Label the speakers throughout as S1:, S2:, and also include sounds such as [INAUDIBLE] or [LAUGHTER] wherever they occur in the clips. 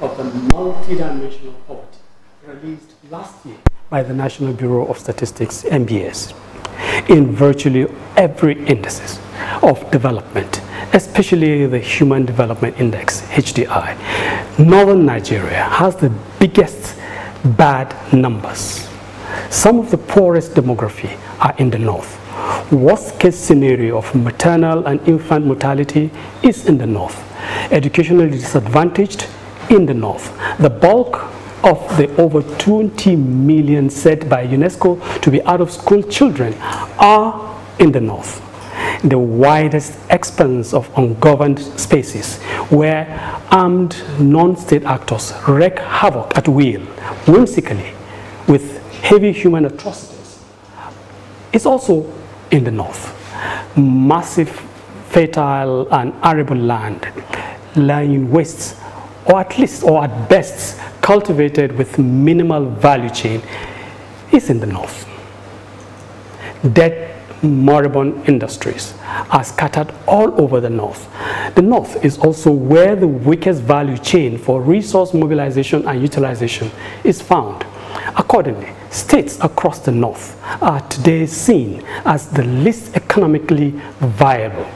S1: of the multidimensional poverty released last year by the National Bureau of Statistics, NBS, in virtually every indices of development, especially the Human Development Index, HDI. Northern Nigeria has the biggest bad numbers. Some of the poorest demography are in the north. Worst case scenario of maternal and infant mortality is in the north. Educationally disadvantaged in the north. The bulk of the over 20 million set by UNESCO to be out of school children are in the north, the widest expanse of ungoverned spaces where armed non-state actors wreak havoc at will, whimsically, with heavy human atrocities. It's also in the north, massive, fertile and arable land lying waste or at least, or at best, cultivated with minimal value chain is in the north. Dead moribund industries are scattered all over the north. The north is also where the weakest value chain for resource mobilization and utilization is found. Accordingly, states across the north are today seen as the least economically viable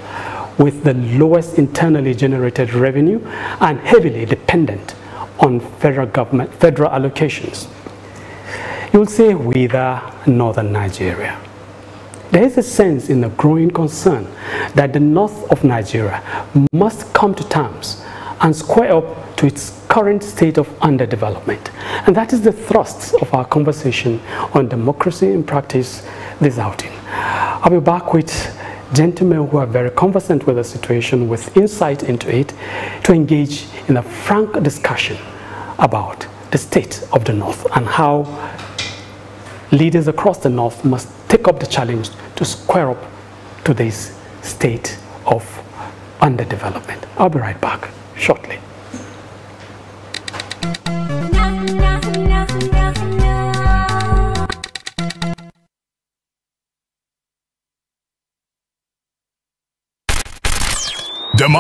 S1: with the lowest internally generated revenue and heavily dependent on federal government, federal allocations. You'll say wither uh, northern Nigeria. There is a sense in the growing concern that the north of Nigeria must come to terms and square up to its current state of underdevelopment. And that is the thrust of our conversation on democracy in practice this outing. I'll be back with gentlemen who are very conversant with the situation, with insight into it, to engage in a frank discussion about the state of the North and how leaders across the North must take up the challenge to square up to this state of underdevelopment. I'll be right back shortly.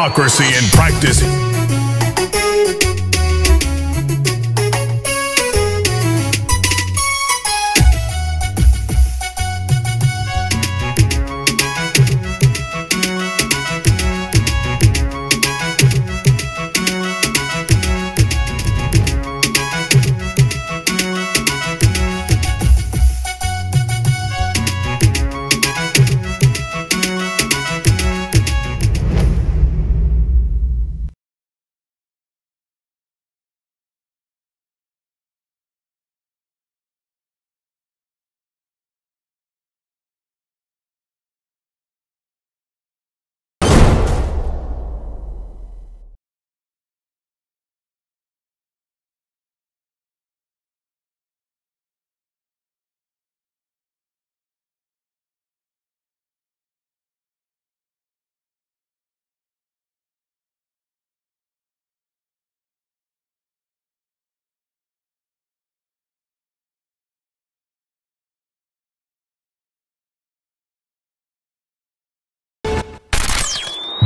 S2: democracy in practice.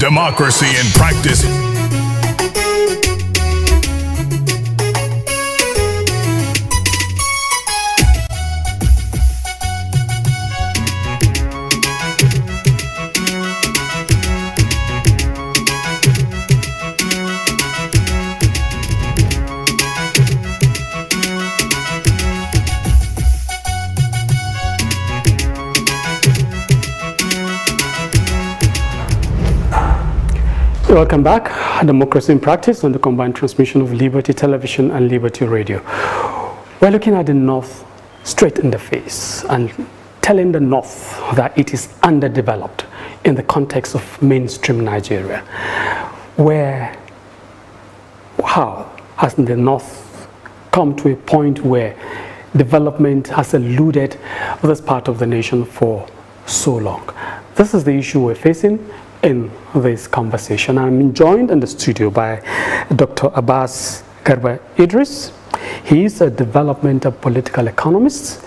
S2: democracy in practice.
S1: Welcome back. Democracy in Practice on the combined transmission of Liberty Television and Liberty Radio. We're looking at the North straight in the face and telling the North that it is underdeveloped in the context of mainstream Nigeria. Where, how has the North come to a point where development has eluded this part of the nation for so long? This is the issue we're facing in this conversation. I'm joined in the studio by Dr. Abbas Garba Idris. He is a developmental political economist.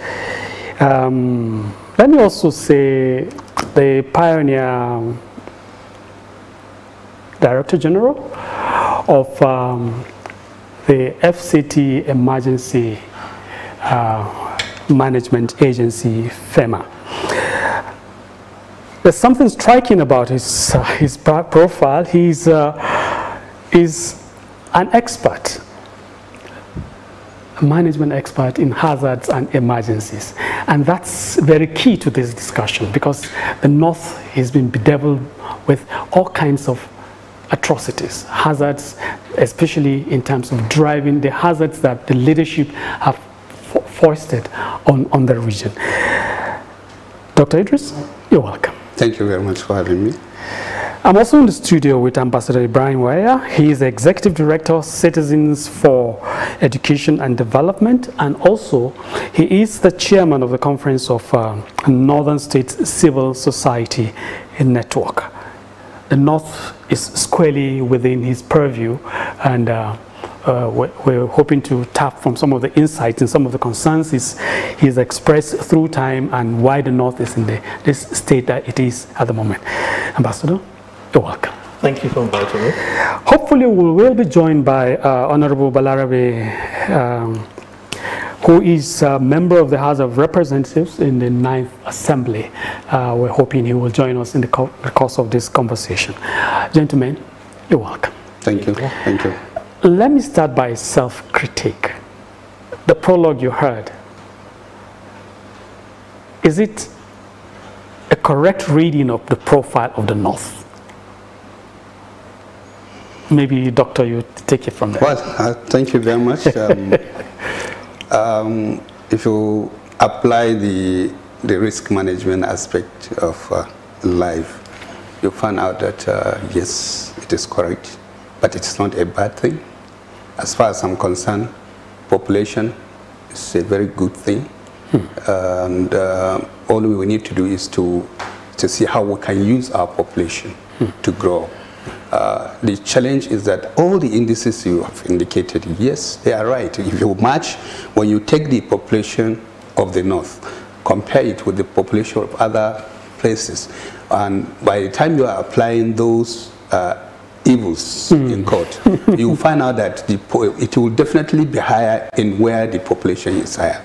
S1: Um, let me also say the pioneer director general of um, the FCT Emergency uh, Management Agency, FEMA. There's something striking about his, uh, [LAUGHS] his profile. He's, uh, he's an expert, a management expert in hazards and emergencies. And that's very key to this discussion because the North has been bedeviled with all kinds of atrocities, hazards, especially in terms of driving the hazards that the leadership have fo foisted on, on the region. Dr. Idris, you're welcome.
S3: Thank you very much for having me.
S1: I'm also in the studio with Ambassador Ibrahim Weyer. He is Executive Director, Citizens for Education and Development, and also he is the Chairman of the Conference of uh, Northern States Civil Society Network. The North is squarely within his purview, and uh, uh, we're, hoping to tap from some of the insights and some of the concerns he's, he's expressed through time and why the North is in the, this state that it is at the moment. Ambassador, you're welcome. Thank you for inviting me. Hopefully we will be joined by uh, Honorable Balarabe um, who is a member of the House of Representatives in the Ninth Assembly. Uh, we're hoping he will join us in the, co the course of this conversation. Gentlemen, you're welcome.
S3: Thank you. Thank
S1: you. Let me start by self critique. The prologue you heard. Is it a correct reading of the profile of the North? Maybe, Doctor, you take it from there. Well, uh, thank you very much. [LAUGHS] Um,
S3: um, if you apply the, the risk management aspect of uh, life, you find out that uh, yes, it is correct but it's not a bad thing. As far as I'm concerned, population is a very good thing. Hmm. And uh, all we need to do is to, to see how we can use our population hmm. to grow. Uh, the challenge is that all the indices you have indicated, yes, they are right. If you match, when you take the population of the north, compare it with the population of other places, and by the time you are applying those uh, evils mm. in court, you will find out that it will definitely be higher in where the population is higher.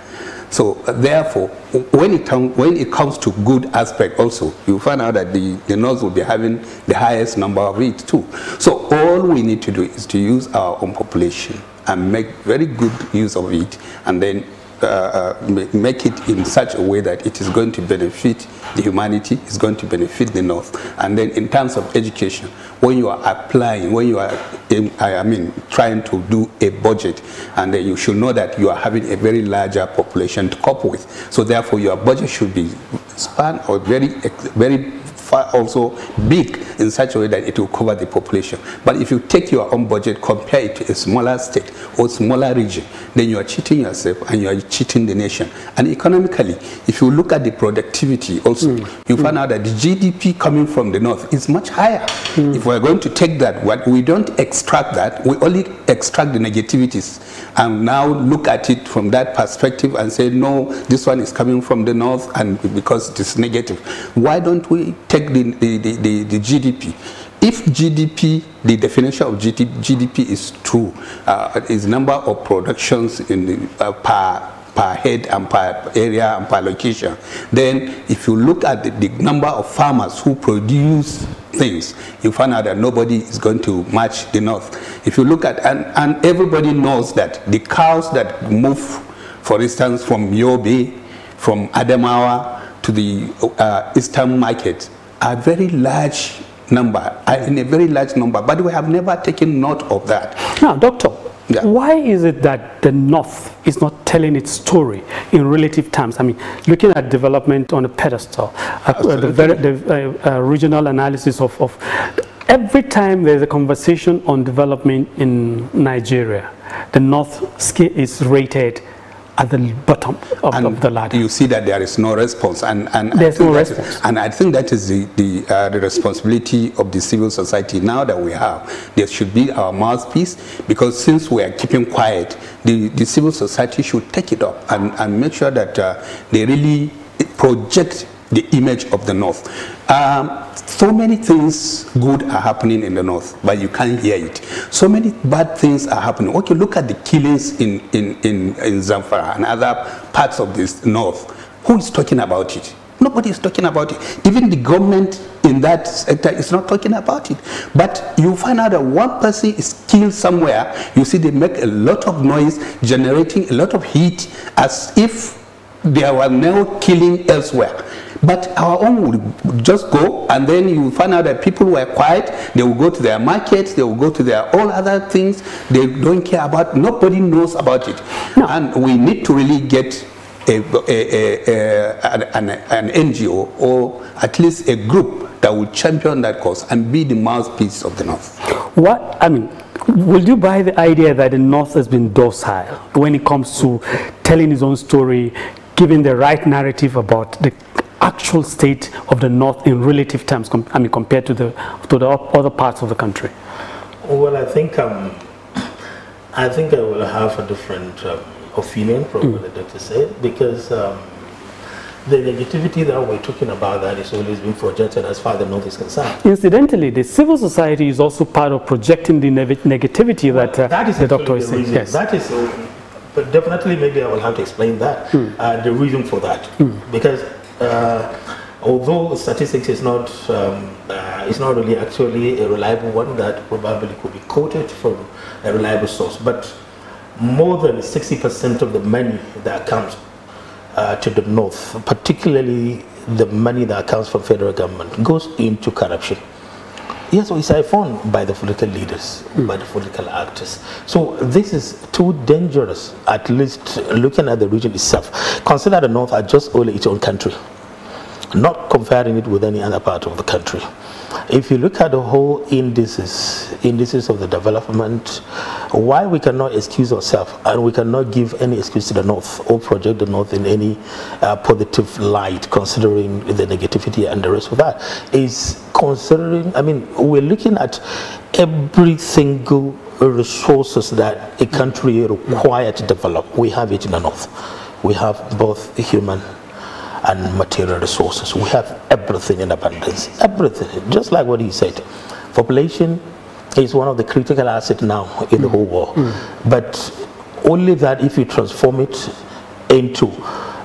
S3: So uh, therefore, when it, when it comes to good aspect also, you find out that the, the North will be having the highest number of it too. So all we need to do is to use our own population and make very good use of it and then uh, uh, make it in such a way that it is going to benefit the humanity, it's going to benefit the North. And then in terms of education, when you are applying, when you are, I mean, trying to do a budget, and then you should know that you are having a very larger population to cope with. So therefore, your budget should be span or very, very also big in such a way that it will cover the population. But if you take your own budget, compare it to a smaller state or smaller region, then you are cheating yourself and you are cheating the nation. And economically, if you look at the productivity also, mm. you find hmm. out that the GDP coming from the north is much higher. Mm. If we're going to take that, what we don't extract that, we only extract the negativities and now look at it from that perspective and say, no, this one is coming from the north and because it is negative. Why don't we take take the, the, the, the GDP, if GDP, the definition of GDP is true, uh, is number of productions in the, uh, per per head and per area and per location. Then if you look at the, the, number of farmers who produce things, you find out that nobody is going to match the North. If you look at, and, and everybody knows that the cows that move, for instance, from Yobe, from Adamawa to the uh, eastern market, a very large number, in a very large number, but we have never taken note of that.
S1: Now, Doctor, yeah. Why is it that the North is not telling its story in relative terms? I mean, looking at development on a pedestal, uh, the, very, the uh, uh, regional analysis of, of, every time there's a conversation on development in Nigeria, the North is rated at the bottom of,
S3: and of the ladder. You see that there is no response, and and there's no response. Is, and I think that is the the, uh, the responsibility of the civil society now that we have. There should be our mouthpiece because since we are keeping quiet, the the civil society should take it up and and make sure that uh, they really project the image of the North. Um, so many things good are happening in the North, but you can't hear it. So many bad things are happening. Okay, look at the killings in, in, in, in Zamfara and other parts of this North. Who is talking about it? Nobody is talking about it. Even the government in that sector is not talking about it. But you find out that one person is killed somewhere, you see they make a lot of noise, generating a lot of heat, as if there were no killing elsewhere. But our own would just go, and then you find out that people were quiet. They will go to their markets. They will go to their all other things. They don't care about. Nobody knows about it, no. and we need to really get a, a, a, an, an, NGO or at least a group that will champion that cause and be the mouthpiece of the North.
S1: What, I mean, would you buy the idea that the North has been docile when it comes to telling his own story, giving the right narrative about the actual state of the north in relative terms, I mean, compared to the, to the other parts of the country?
S4: Well, I think, um, I think I will have a different um, opinion from mm. what the doctor said because um, the negativity that we're talking about that is always being projected as far as the north is concerned.
S1: Incidentally, the civil society is also part of projecting the ne negativity well, that, uh, that is the doctor is saying. Yes. That is,
S4: uh, but definitely maybe I will have to explain that, mm. uh, the reason for that. Mm. Because uh, although statistics is not um, uh, is not really actually a reliable one that probably could be quoted from a reliable source, but more than 60% of the money that comes uh, to the north, particularly the money that comes from federal government, goes into corruption. Yes, so it's siphoned by the political leaders, mm. by the political actors. So this is too dangerous, at least looking at the region itself. Consider the North as just only its own country not comparing it with any other part of the country. If you look at the whole indices, indices of the development, why we cannot excuse ourselves and we cannot give any excuse to the North or project the North in any uh, positive light, considering the negativity and the rest of that, is considering, I mean, we're looking at every single resources that a country requires to develop. We have it in the North. We have both human and material resources. We have everything in abundance, everything, just like what he said. Population is one of the critical assets now in mm. the whole world. Mm. But only that if you transform it into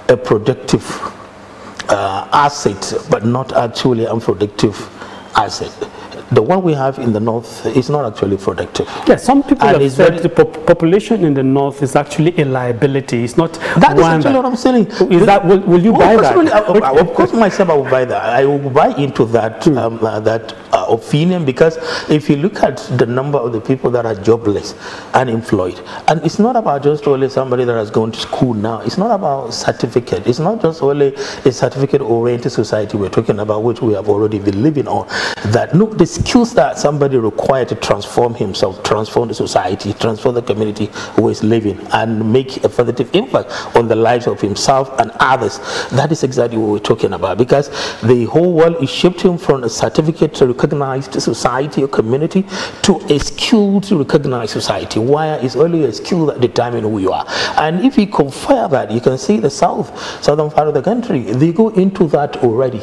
S4: a productive uh, asset, but not actually unproductive asset the one we have in the north is not actually productive.
S1: Yes, some people and have said the population in the north is actually a liability. It's not That Rwanda. is actually what I'm
S4: saying. Is will, that, will, will you buy that? I, I, of
S1: course, [LAUGHS] myself, I will buy that. I will buy into that,
S4: hmm. um, uh, that uh, opinion because if you look at the number of the people that are jobless, unemployed, and it's not about just only somebody that has gone to school now. It's not about certificate. It's not just only a certificate-oriented society we're talking about, which we have already been living on. That, look, this skills that somebody required to transform himself, transform the society, transform the community who is living, and make a positive impact on the lives of himself and others. That is exactly what we're talking about because the whole world is shifting from a certificate to recognized society or community to a skill to recognize society. Why is only a skill that determines who you are. And if you compare that, you can see the South, southern part of the country, they go into that already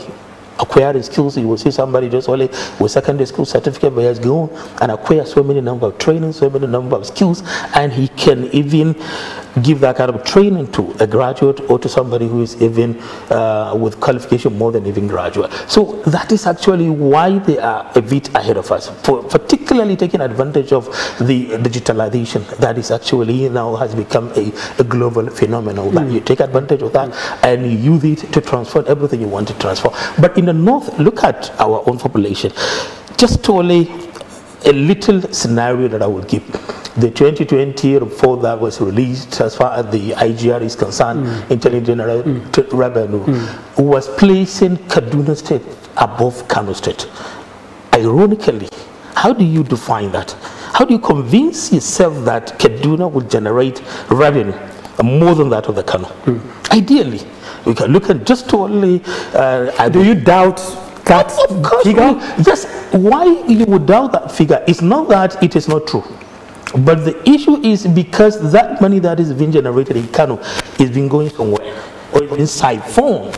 S4: acquiring skills. You will see somebody just only with secondary school certificate, but he has gone and acquired so many number of training, so many number of skills, and he can even give that kind of training to a graduate or to somebody who is even uh, with qualification more than even graduate. So that is actually why they are a bit ahead of us, for particularly taking advantage of the digitalization that is actually now has become a, a global phenomenon. Mm. you take advantage of that and you use it to transform everything you want to transform. But in the north, look at our own population. Just only a little scenario that I will give the 2020 report that was released as far as the IGR is concerned, mm. Intelligent General mm. Revenue, mm. was placing Kaduna State above Kano State. Ironically, how do you define that? How do you convince yourself that Kaduna will generate revenue more than that of the Kano? Mm. Ideally, we can look at just only... Uh, do you doubt that figure? Yes. Why you would doubt that figure? It's not that it is not true. But the issue is because that money that is being generated in Kano is being going somewhere or it's being siphoned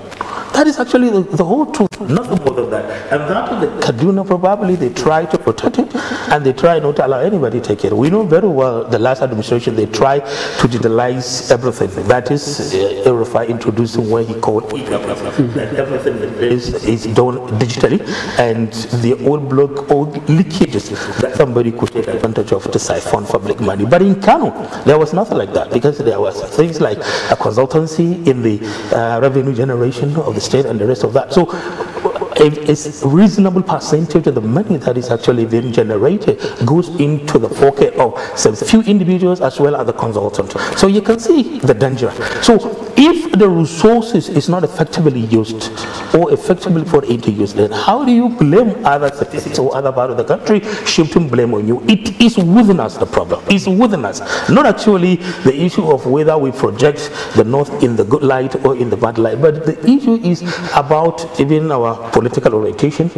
S4: that is actually the, the whole truth, nothing more than that. And that is the Kaduna probably they try to protect it and they try not to allow anybody to take it. We know very well the last administration they try to digitalize everything. That is uh, Erofa introducing what he called everything is, is done digitally and the old block, all leakages that somebody could take advantage of to siphon public money. But in Kano, there was nothing like that because there was things like a consultancy in the uh, revenue generation of the state and the rest of that. So a reasonable percentage of the money that is actually being generated goes into the pocket of some few individuals as well as the consultant. So you can see the danger. So if the resources is not effectively used or effectively for into use, then how do you blame other statistics or other part of the country shifting blame on you? It is within us the problem. It's within us. Not actually the issue of whether we project the North in the good light or in the bad light, but the issue is about even our political orientation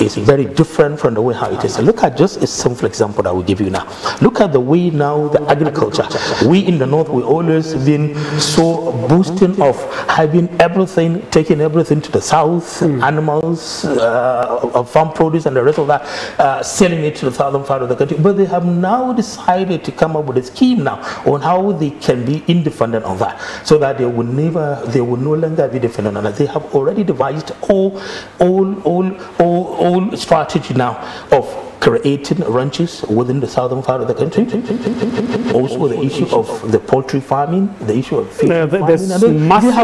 S4: is very different from the way how it is. Look at just a simple example that we give you now. Look at the way now the agriculture. We in the North, we always been so boosted mm -hmm. of having everything, taking everything to the south, mm. animals, uh, farm produce and the rest of that, uh, selling it to the southern part of the country. But they have now decided to come up with a scheme now on how they can be independent of that, so that they will never, they will no longer be dependent on that. They have already devised all, all, all, all, all strategy now of creating ranches within the southern part of the country. Also, the issue of the poultry farming, the issue of fish no, farming.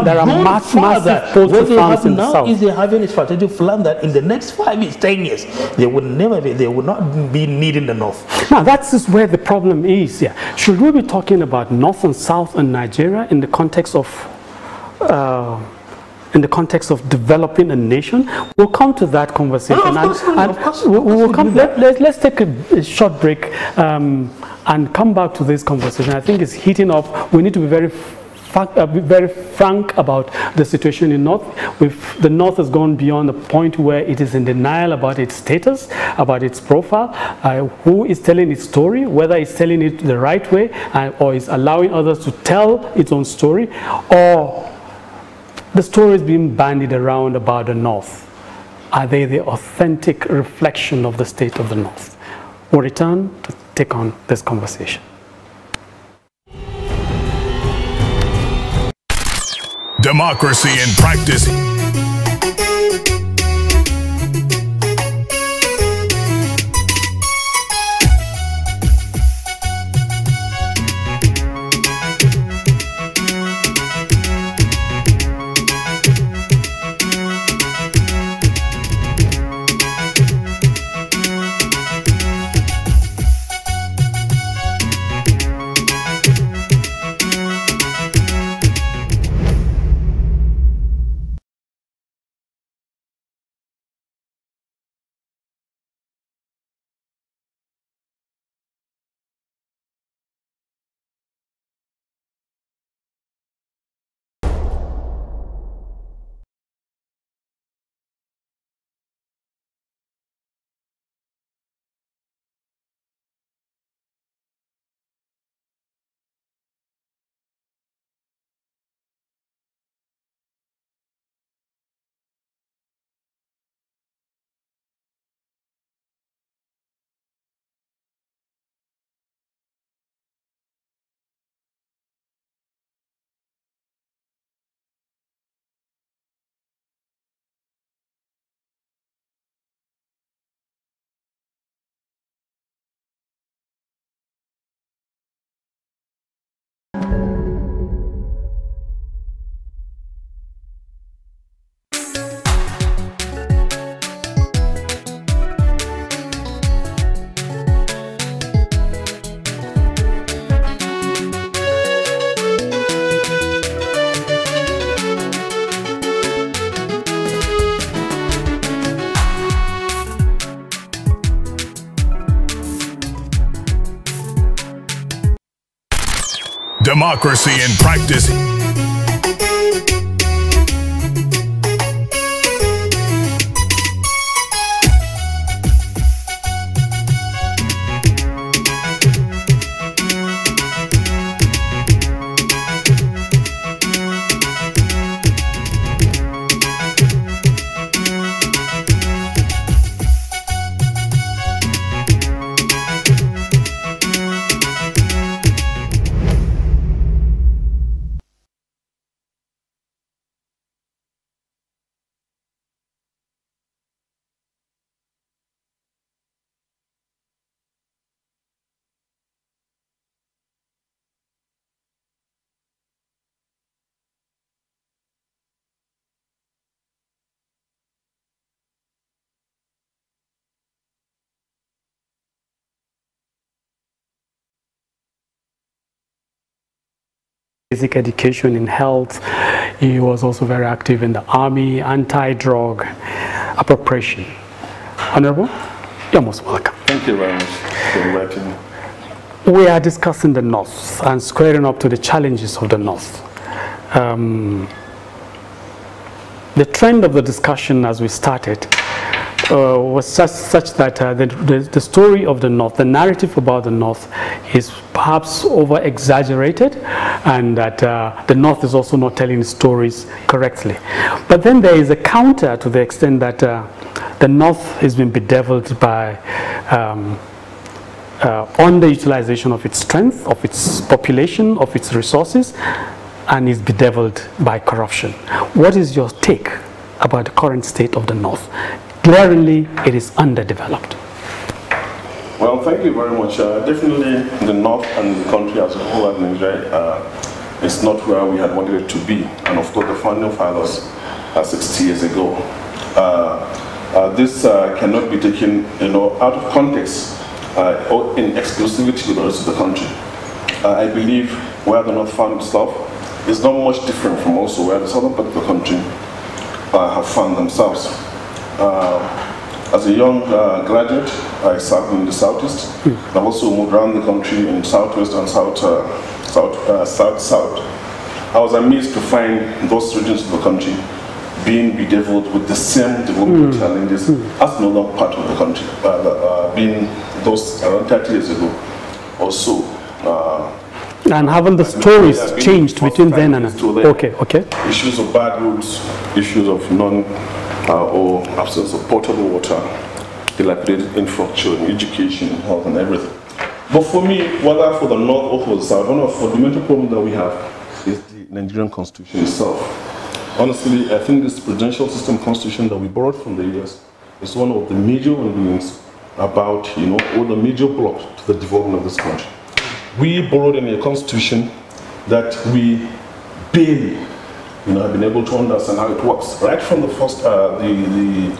S4: there are mass, massive poultry farms in the south. Is they having a strategic plan that in the next five years,
S1: ten years, they would never be, they would not be needing the north. Now, that's just where the problem is. Yeah, should we be talking about north and south in Nigeria in the context of? Uh, in the context of developing a nation. We'll come to that conversation. course, let, us take a, a, short break um, and come back to this conversation. I think it's heating up. We need to be very uh, be very frank about the situation in North. We've, the North has gone beyond the point where it is in denial about its status, about its profile, uh, who is telling its story, whether it's telling it the right way, uh, or is allowing others to tell its own story, or the stories being bandied around about the North, are they the authentic reflection of the state of the North? We'll return to take on this conversation.
S2: Democracy in practice. democracy in practice.
S1: basic education in health. He was also very active in the army, anti-drug appropriation. Honorable, you're most
S2: welcome. Thank you very much for inviting me.
S1: We are discussing the North and squaring up to the challenges of the North. Um, the trend of the discussion as we started uh, was such, such that uh, the, the story of the North, the narrative about the North is perhaps over exaggerated and that uh, the North is also not telling stories correctly. But then there is a counter to the extent that uh, the North has been bedeviled by um, uh, underutilization of its strength, of its population, of its resources, and is bedeviled by corruption. What is your take about the current state of the North? Glaringly, it is underdeveloped.
S2: Well, thank you very much. Uh, definitely, the North and the country as a whole as Nigeria uh, is not where we had wanted it to be. And of course, the founding fathers uh, 60 years ago. Uh, uh this uh, cannot be taken you know, out of context uh, or in exclusivity with the rest of the country. I believe where the North found itself is not much different from also where the southern part of the country have found themselves. Uh, as a young uh, graduate, I served in the Southeast. Mm. I've also moved around the country in Southwest and South, uh, South, uh, South, South. I was amazed to find those regions of the country being bedeviled with the same development mm. challenges mm. as the northern part of the country, uh, uh, being those around 30 years ago or so. Uh,
S1: and haven't the stories changed between then and now? Okay, okay.
S2: Issues of bad roads, issues of non uh, or absence of potable water, dilapidated infrastructure education, health, and everything. But for me, whether for the North or for the South, one of the fundamental problems that we have is the Nigerian constitution itself. Honestly, I think this presidential system constitution that we borrowed from the US is one of the major things about, you know, all the major blocks to the development of this country. We borrowed in a constitution that we barely you know, I've been able to understand how it works right from the first, uh, the, the,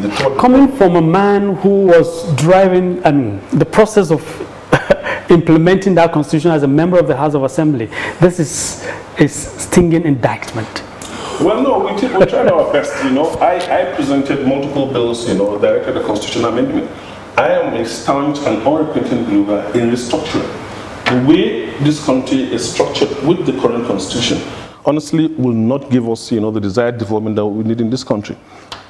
S2: the, the Coming
S1: from a man who was driving and the process of [LAUGHS] implementing that constitution as a member of the House of Assembly, this is a stinging indictment.
S2: Well, no, we, we tried our best, you know. I, I presented multiple bills, you know, directed a constitutional amendment. I am a staunch and unrepentant believer in restructuring. The way this country is structured with the current constitution, honestly will not give us, you know, the desired development that we need in this country.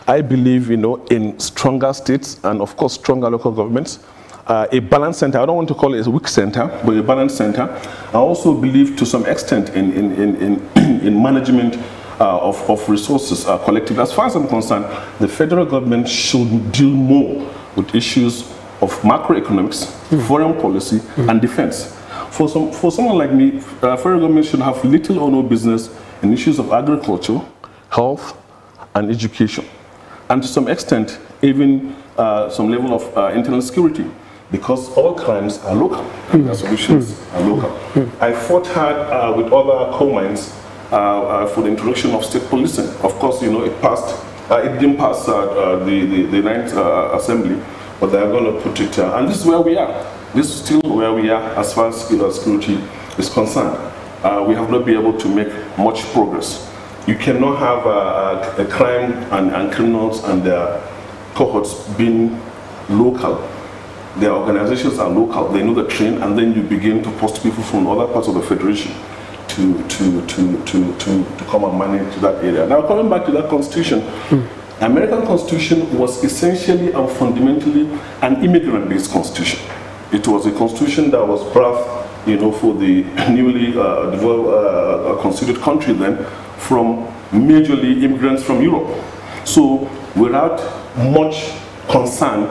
S2: I believe, you know, in stronger states and, of course, stronger local governments, uh, a balanced center. I don't want to call it a weak center, but a balanced center. I also believe to some extent in, in, in, in, [CLEARS THROAT] in management uh, of, of resources uh, collectively. As far as I'm concerned, the federal government should deal more with issues of macroeconomics, mm. foreign policy, mm. and defense. For, some, for someone like me, uh, federal government should have little or no business in issues of agriculture, health, and education, and to some extent, even uh, some level of uh, internal security, because all crimes are local, and solutions mm. are local. Mm. I fought hard uh, with other co-mines uh, uh, for the introduction of state policing. Of course, you know, it passed, uh, it didn't pass the, the, the Ninth Assembly, but they are going to put it, and this is where we are. This is still where we are as far as security is concerned. Uh, we have not been able to make much progress. You cannot have uh, a crime and, and, criminals and their cohorts being local. Their organizations are local, they know the train, and then you begin to post people from other parts of the federation to, to, to, to, to, to come and manage that area. Now, coming back to that constitution, mm. American constitution was essentially and fundamentally an immigrant-based constitution. It was a constitution that was drafted, you know, for the newly uh, developed, uh, uh constituted country then from majorly immigrants from Europe. So without much concern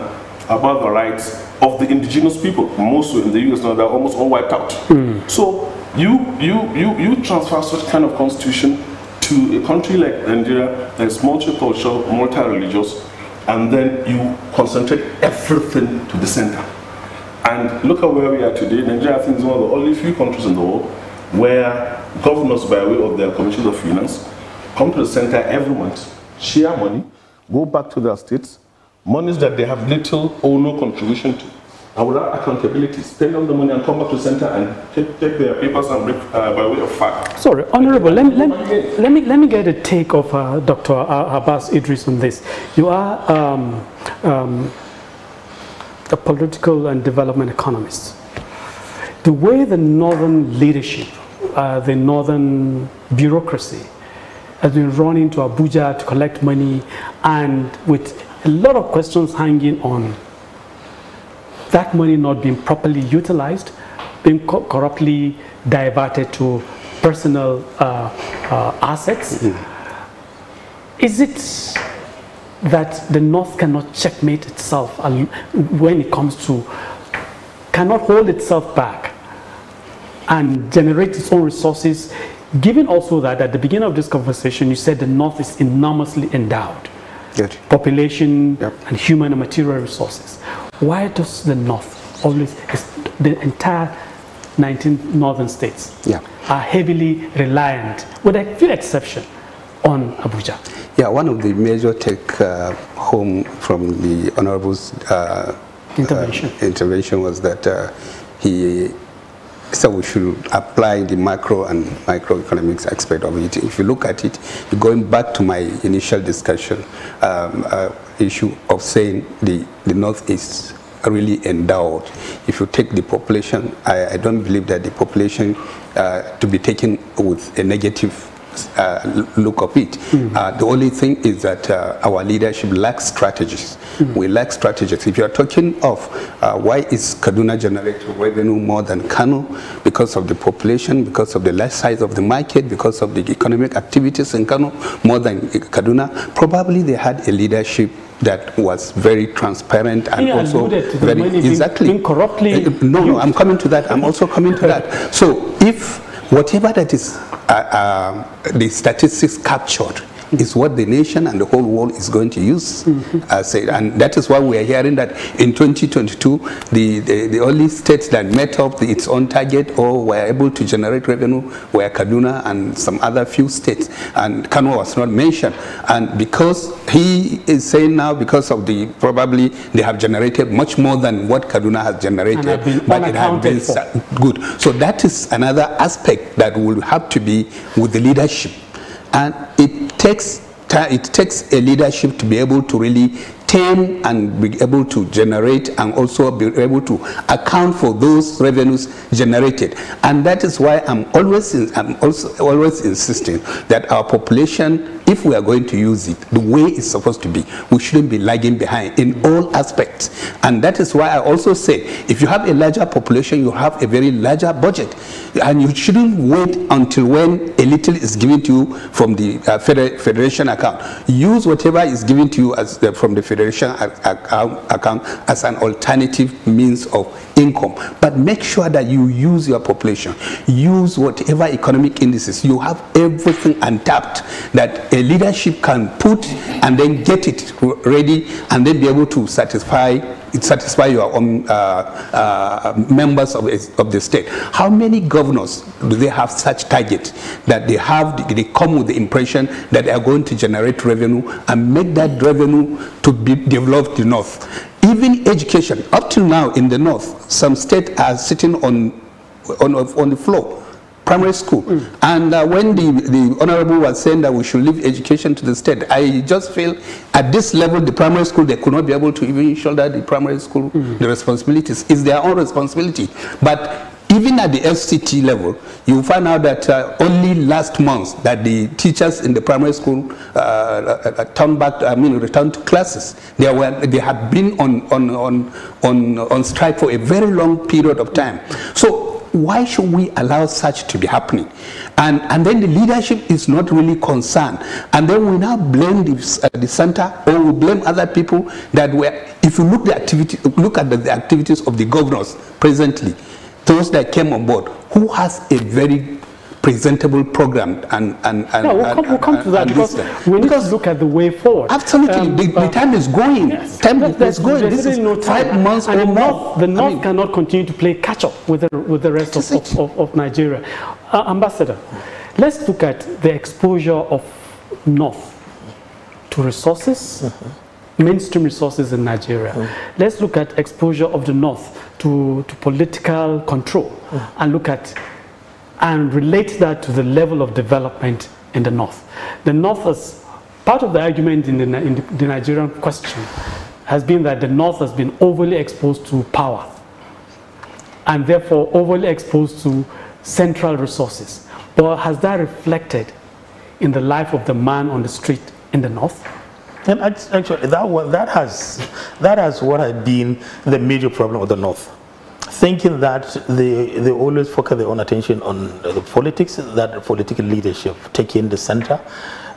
S2: about the rights of the indigenous people, mostly in the US now they're almost all wiped out. Mm. So you, you, you, you transfer such kind of constitution to a country like Nigeria that is multicultural, multi-religious, and then you concentrate everything to the center. And look at where we are today. Nigeria, I think, is one of the only few countries in the world where governors, by way of their commissions of finance, come to the center every month, share money, go back to their states, monies that they have little or no contribution to. And without accountability, spend all the money and come back to the center and take, take their papers and uh, by way of fact.
S1: Sorry, Honorable, let me, let, me, let, me, let me get a take of uh, Dr. Uh, Abbas Idris on this. You are um, um, a political and development economist. The way the northern leadership, uh, the northern bureaucracy, has been running to Abuja to collect money and with a lot of questions hanging on that money not being properly utilized, being co corruptly diverted to personal uh, uh, assets. Mm -hmm. Is it that the North cannot checkmate itself when it comes to, cannot hold itself back and generate its own resources. Given also that at the beginning of this conversation, you said the North is enormously endowed. Good. Population yep. and human and material resources. Why does the North always, the entire 19 northern states yeah. are heavily reliant, with a few exceptions, on Abuja?
S3: Yeah, one of the major take uh, home from the Honorable's uh, uh intervention. Uh, intervention was that uh, he so we should apply the macro and microeconomics aspect of it. If you look at it, going back to my initial discussion um, uh, issue of saying the, the North is really endowed. If you take the population, I, I don't believe that the population uh, to be taken with a negative uh, look of it. Mm -hmm. uh, the only thing is that uh, our leadership lacks strategies. Mm -hmm. We lack strategies. If you are talking of uh, why is Kaduna generating revenue more than Kano, because of the population, because of the less size of the market, because of the economic activities in Kano more than Kaduna, probably they had a leadership that was very transparent and yeah, also very exactly incorruptly. no, no, I'm coming to that. I'm also coming to that. So if Whatever that is, uh, uh, the statistics captured is what the nation and the whole world is going to use. Mm -hmm. and that is why we are hearing that in 2022, the, the, the only states that met up the, its own target or were able to generate revenue were Kaduna and some other few states. And Kanwa was not mentioned. And because he is saying now, because of the, probably they have generated much more than what Kaduna has generated, but it has been good. So that is another aspect that will have to be with the leadership and it takes it takes a leadership to be able to really tame and be able to generate and also be able to account for those revenues generated and that is why i'm always i'm also always insisting that our population if we are going to use it the way it's supposed to be, we shouldn't be lagging behind in all aspects. And that is why I also said, if you have a larger population, you have a very larger budget. And you shouldn't wait until when a little is given to you from the uh, feder federation account. Use whatever is given to you as, uh, from the federation account as an alternative means of income. But make sure that you use your population. Use whatever economic indices. You have everything untapped that a leadership can put and then get it ready and then be able to satisfy it satisfy your own uh, uh, members of, of the state. How many governors do they have such target that they have, they come with the impression that they are going to generate revenue and make that revenue to be developed the north. Even education, up till now in the north, some states are sitting on, on, on the floor primary school. Mm. And uh, when the, the Honorable was saying that we should leave education to the state, I just feel at this level, the primary school, they could not be able to even shoulder the primary school, mm. the responsibilities. It's their own responsibility. But even at the FCT level, you find out that uh, only last month that the teachers in the primary school uh, uh, uh, turned back, I mean, returned to classes. They were, they had been on, on, on, on, on strike for a very long period of time. So why should we allow such to be happening? And, and then the leadership is not really concerned. And then we now blame the, uh, the center or we blame other people that were, if you look, the activity, look at the, the activities of the governors presently, those that came on board, who has a very presentable program and and and, we'll, and, come,
S2: we'll
S1: come, to that because we need because to look at the way forward. Absolutely, um, the, the, time is going. Yes, time that, is going. This is no five time. months and or more. The North I mean, cannot continue to play catch up with the with the rest of, of, of, of, Nigeria. Uh, Ambassador, let's look at the exposure of North to resources. Mm-hmm. mainstream resources in Nigeria. Mm. Let's look at exposure of the North to, to political control mm. and look at and relate that to the level of development in the north. The north is part of the argument in the, in the Nigerian question has been that the north has been overly exposed to power and therefore overly exposed to central resources. But has that reflected in the life of the man on the street in the north? And actually, that, that, has,
S4: that has what has been the major problem of the north thinking that they, they always focus their own attention on the politics, that political leadership taking the center,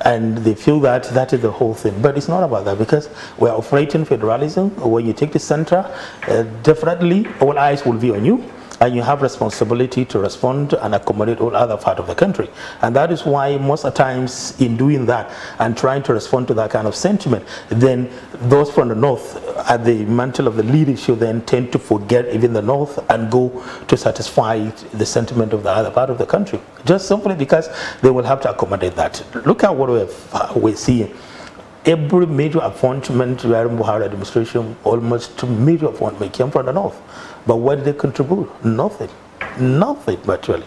S4: and they feel that that is the whole thing. But it's not about that because we're operating federalism. When you take the center, uh, definitely all eyes will be on you and you have responsibility to respond and accommodate all other part of the country. And that is why most of times in doing that and trying to respond to that kind of sentiment, then those from the north at the mantle of the leadership then tend to forget even the north and go to satisfy the sentiment of the other part of the country. Just simply because they will have to accommodate that. Look at what we're, we seeing every major appointment during Buhari administration, almost major appointment came from the north. But what did they contribute? Nothing. Nothing virtually,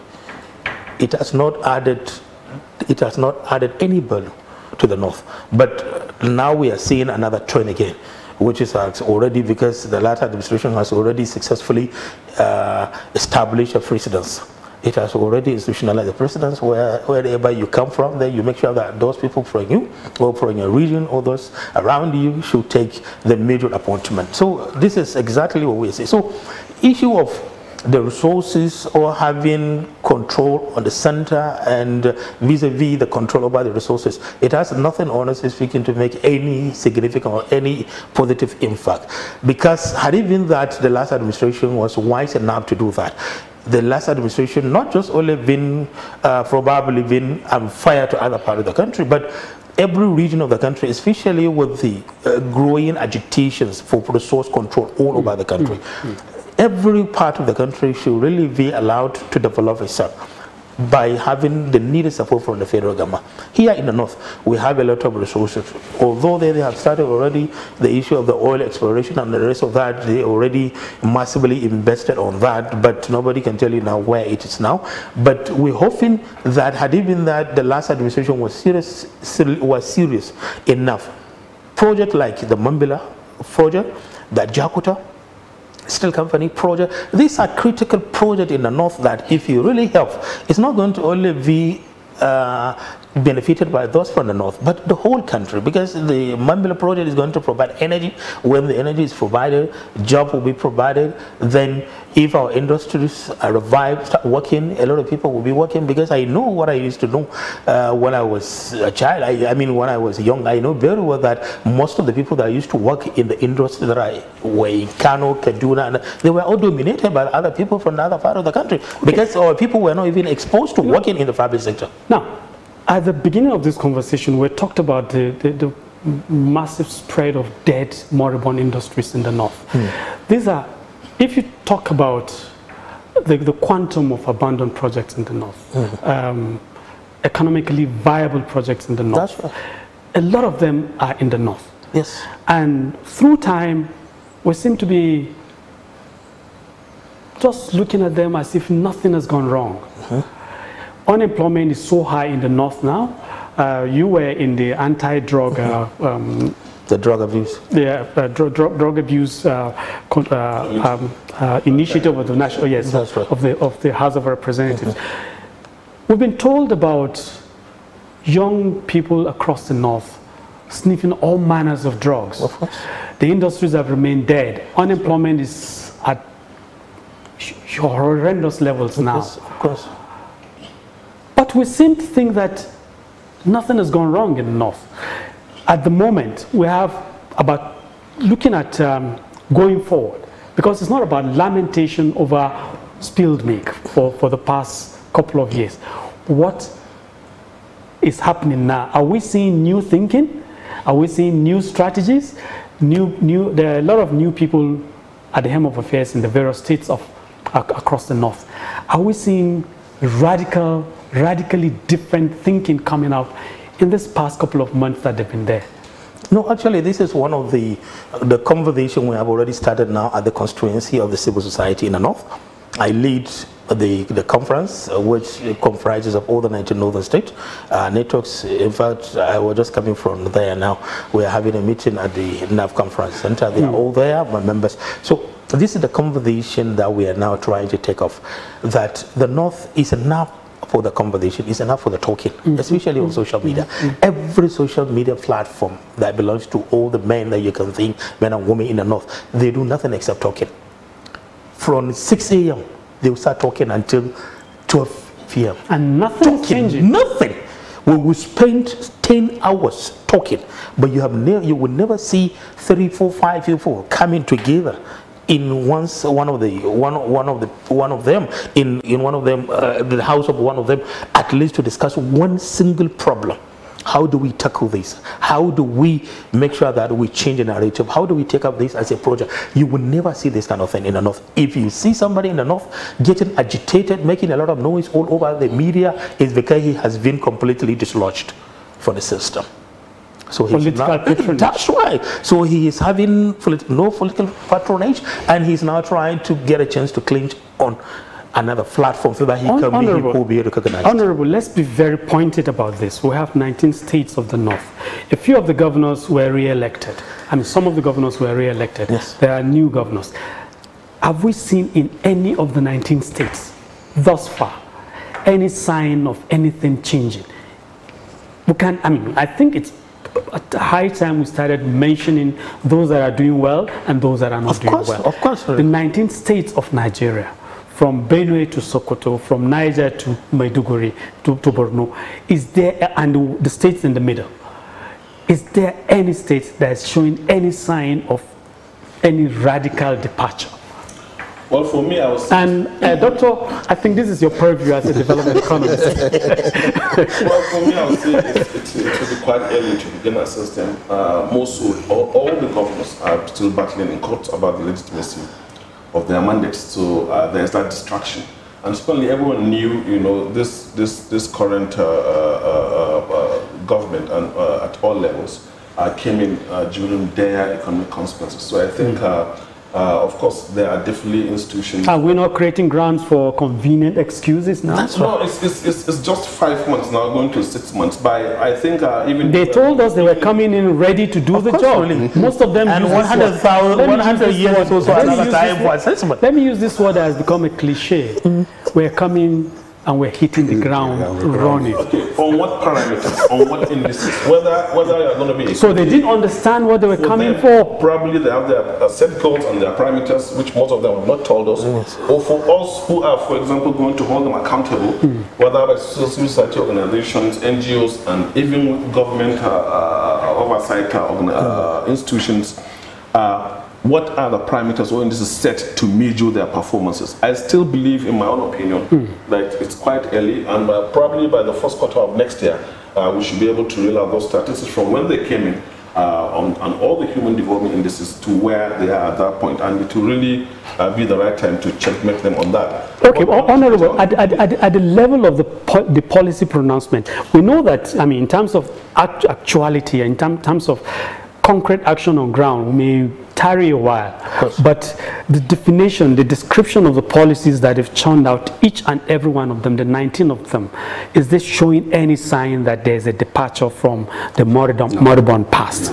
S4: It has not added it has not added any value to the north. But now we are seeing another trend again, which is uh, already because the latter administration has already successfully uh, established a precedence it has already institutionalized the precedence where, wherever you come from, then you make sure that those people from you or from your region or those around you should take the major appointment. So this is exactly what we say. So issue of the resources or having control on the center and vis-a-vis -vis the control over the resources. It has nothing, honestly speaking, to make any significant or any positive impact. Because had it been that the last administration was wise enough to do that, the last administration not just only been uh, probably been on um, fire to other part of the country, but every region of the country, especially with the uh, growing agitations for resource control all mm. over the country. Mm. mm, mm every part of the country should really be allowed to develop itself by having the needed support from the federal government. Here in the north, we have a lot of resources. Although they, they have started already the issue of the oil exploration and the rest of that, they already massively invested on that, but nobody can tell you now where it is now. But we're hoping that had it been that the last administration was serious, was serious enough, project like the Mambila project, the Jakarta steel company project. These are critical projects in the north that if you really help, it's not going to only be uh, benefited by those from the north, but the whole country, because the Mambila project is going to provide energy. When the energy is provided, job will be provided. Then, if our industries are revived, start working, a lot of people will be working. Because I know what I used to know uh, when I was a child. I, I, mean, when I was young, I know very well that most of the people that used to work in the industry that I were in Kano, Kaduna, they were all dominated by other people from the other part of the country because okay. our people were not even exposed to working in the private sector.
S1: Now at the beginning of this conversation, we talked about the, the, the massive spread of dead moribund industries in the north. Mm. These are, if you talk about the, the quantum of abandoned projects in the north, mm. um, economically viable projects in the north, right. a lot of them are in the north. Yes. And through time, we seem to be just looking at them as if nothing has gone wrong. Mm -hmm unemployment is so high in the north now. Uh, you were in the anti-drug. Uh, [LAUGHS] um,
S4: the drug abuse.
S1: Yeah, uh, drug, drug abuse uh, uh, um, uh, initiative of the national oh, yes right. of the of the House of Representatives. We've been told about young people across the north sniffing all manners of drugs. Of course. The industries have remained dead. Unemployment is at horrendous levels now. of course. But we seem to think that nothing has gone wrong in the north. At the moment, we have about looking at um, going forward because it's not about lamentation over spilled milk for, for the past couple of years. What is happening now? Are we seeing new thinking? Are we seeing new strategies? New, new, there are a lot of new people at the helm of affairs in the various states of, across the north. Are we seeing radical radically different thinking coming out in this past couple of months that they've been there? No, actually, this is one of the the conversation
S4: we have already started now at the constituency of the civil society in the north. I lead the, the conference, uh, which comprises of all the 19 northern states. Uh, networks, in fact, I was just coming from there now. We're having a meeting at the NAV Conference Center. They are hmm. all there, my members. So this is the conversation that we are now trying to take off, that the north is enough for the conversation, it's enough for the talking, mm -hmm. especially on social mm-hmm. media. Mm -hmm. Every social media platform that belongs to all the men that you can think, men and women in the north, they do nothing except talking. From 6 a.m., they will start talking until 12 p.m. And nothing changes. Nothing. We will spend 10 hours talking, but you, have you will never see three, four, five people coming together in once one of the one one of the one of them in in one of them uh, the house of one of them at least to discuss one single problem how do we tackle this how do we make sure that we change the narrative how do we take up this as a project you will never see this kind of thing in the north if you see somebody in the north getting agitated making a lot of noise all over the media is because he has been completely dislodged from the system so political not, patronage. That's right. So he is having no political patronage, and he's now trying to get a chance to clinch on another platform
S1: so that he Hon can be, he be recognized. Honorable, let's be very pointed about this. We have 19 states of the North. A few of the governors were re-elected. I mean, some of the governors were re-elected. Yes. There are new governors. Have we seen in any of the 19 states thus far any sign of anything changing? We can, I mean, I think it's at high time we started mentioning those that are doing well and those that are not of doing course, well. Of course, The 19 states of Nigeria, from Benue to Sokoto, from Niger to Maiduguri to, to Borno, is there, and the states in the middle, is there any state that is showing any sign of any radical departure?
S2: Well, for me, I was. And uh, Doctor,
S1: I think this is your purview as a development economist. [LAUGHS] well, for me, I would
S2: say it's, it will be quite early to begin a system. Uh, most all, all the governors are still battling in court about the legitimacy of their mandates, so uh, there's that distraction. And certainly, everyone knew, you know, this this this current uh, uh, uh, government and at all levels came in during their economic consequences. So I think. Hmm. Uh, of course, there are definitely institutions. Are we
S1: not creating grounds for convenient excuses now? That's no,
S2: it's, it's, it's, it's, just five months now, going to six months. But I think uh, even they told us
S1: they were coming in ready to do of the job. Really. Most of them and 100,000, 100 years also another time for assessment. Let me use this word that has become a cliche. Mm. We're coming and we're hitting the ground running.
S2: Okay. On what parameters? on what indices? Whether whether you're going to be. So they didn't understand
S1: what they were coming for.
S2: Probably they have their, set goals and their parameters, which most of them have not told us. Yes. Or for us who are, for example, going to hold them accountable, mm. whether by civil society organizations, NGOs, and even government uh, uh oversight uh, uh hmm. institutions. Uh, what are the parameters when this is set to measure their performances? I still believe, in my own opinion, mm. that it's quite early, and by, probably by the first quarter of next year, uh, we should be able to reel out those statistics from when they came in uh, on, on, all the human development indices to where they are at that point, and to really uh, be the right time to checkmate them on that. Okay, well, Honourable,
S1: at, at, at, at, the level of the, po the policy pronouncement, we know that, I mean, in terms of act actuality, in term terms of concrete action on ground, we may tarry a while. But the definition, the description of the policies that have churned out, each and every one of them, the 19 of them, is this showing any sign that there's a departure from the moribund, no. past?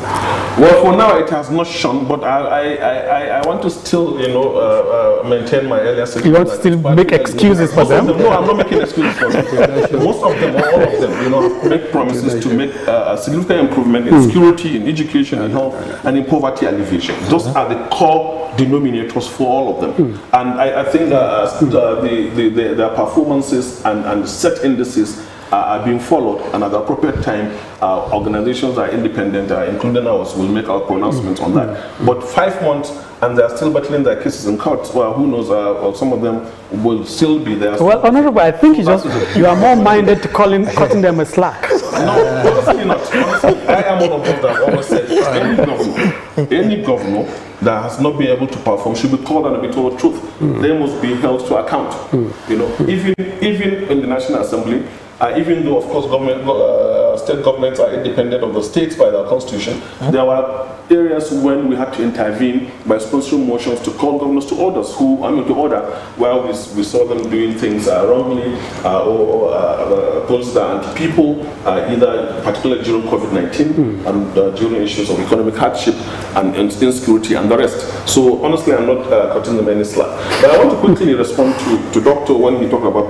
S2: Well, for now it has not shown, but I, I, I, I want to still, you know, uh, uh, maintain my earlier You want to still make excuses for them? them? No, I'm not making excuses for them. [LAUGHS] Most of them, all of them, you know, make promises to make uh, a significant improvement in mm. security, in education, in health, and in poverty alleviation. Those yeah. are the core denominators for all of them. Mm. And I, I think uh, mm. the, the, the, their performances and, and set indices uh, are, being followed and at the appropriate time uh, organizations are independent uh, including ours will make our pronouncements on that mm-hmm. but five months and they're still battling their cases in court well who knows uh, some of them will still be there well
S1: honorable i think you just you are more minded to calling cutting them a slack [LAUGHS]
S2: no honestly not honestly, i am one of those that always said any governor, any governor that has not been able to perform should be called and be told the truth mm. they must be held to account mm. you know mm. even even in the national assembly uh, even though, of course, government, uh, state governments are independent of the states by their constitution, mm -hmm. there were areas when we had to intervene by sponsoring motions to call governors to orders, who I mean to order, where we, we saw them doing things uh, wrongly uh, or, or uh, opposed uh, people, either particularly during COVID-19 mm -hmm. and uh, during issues of economic hardship and, and, insecurity and the rest. So honestly, I'm not cutting them any slack. But I want to quickly respond to, to Doctor when he talked about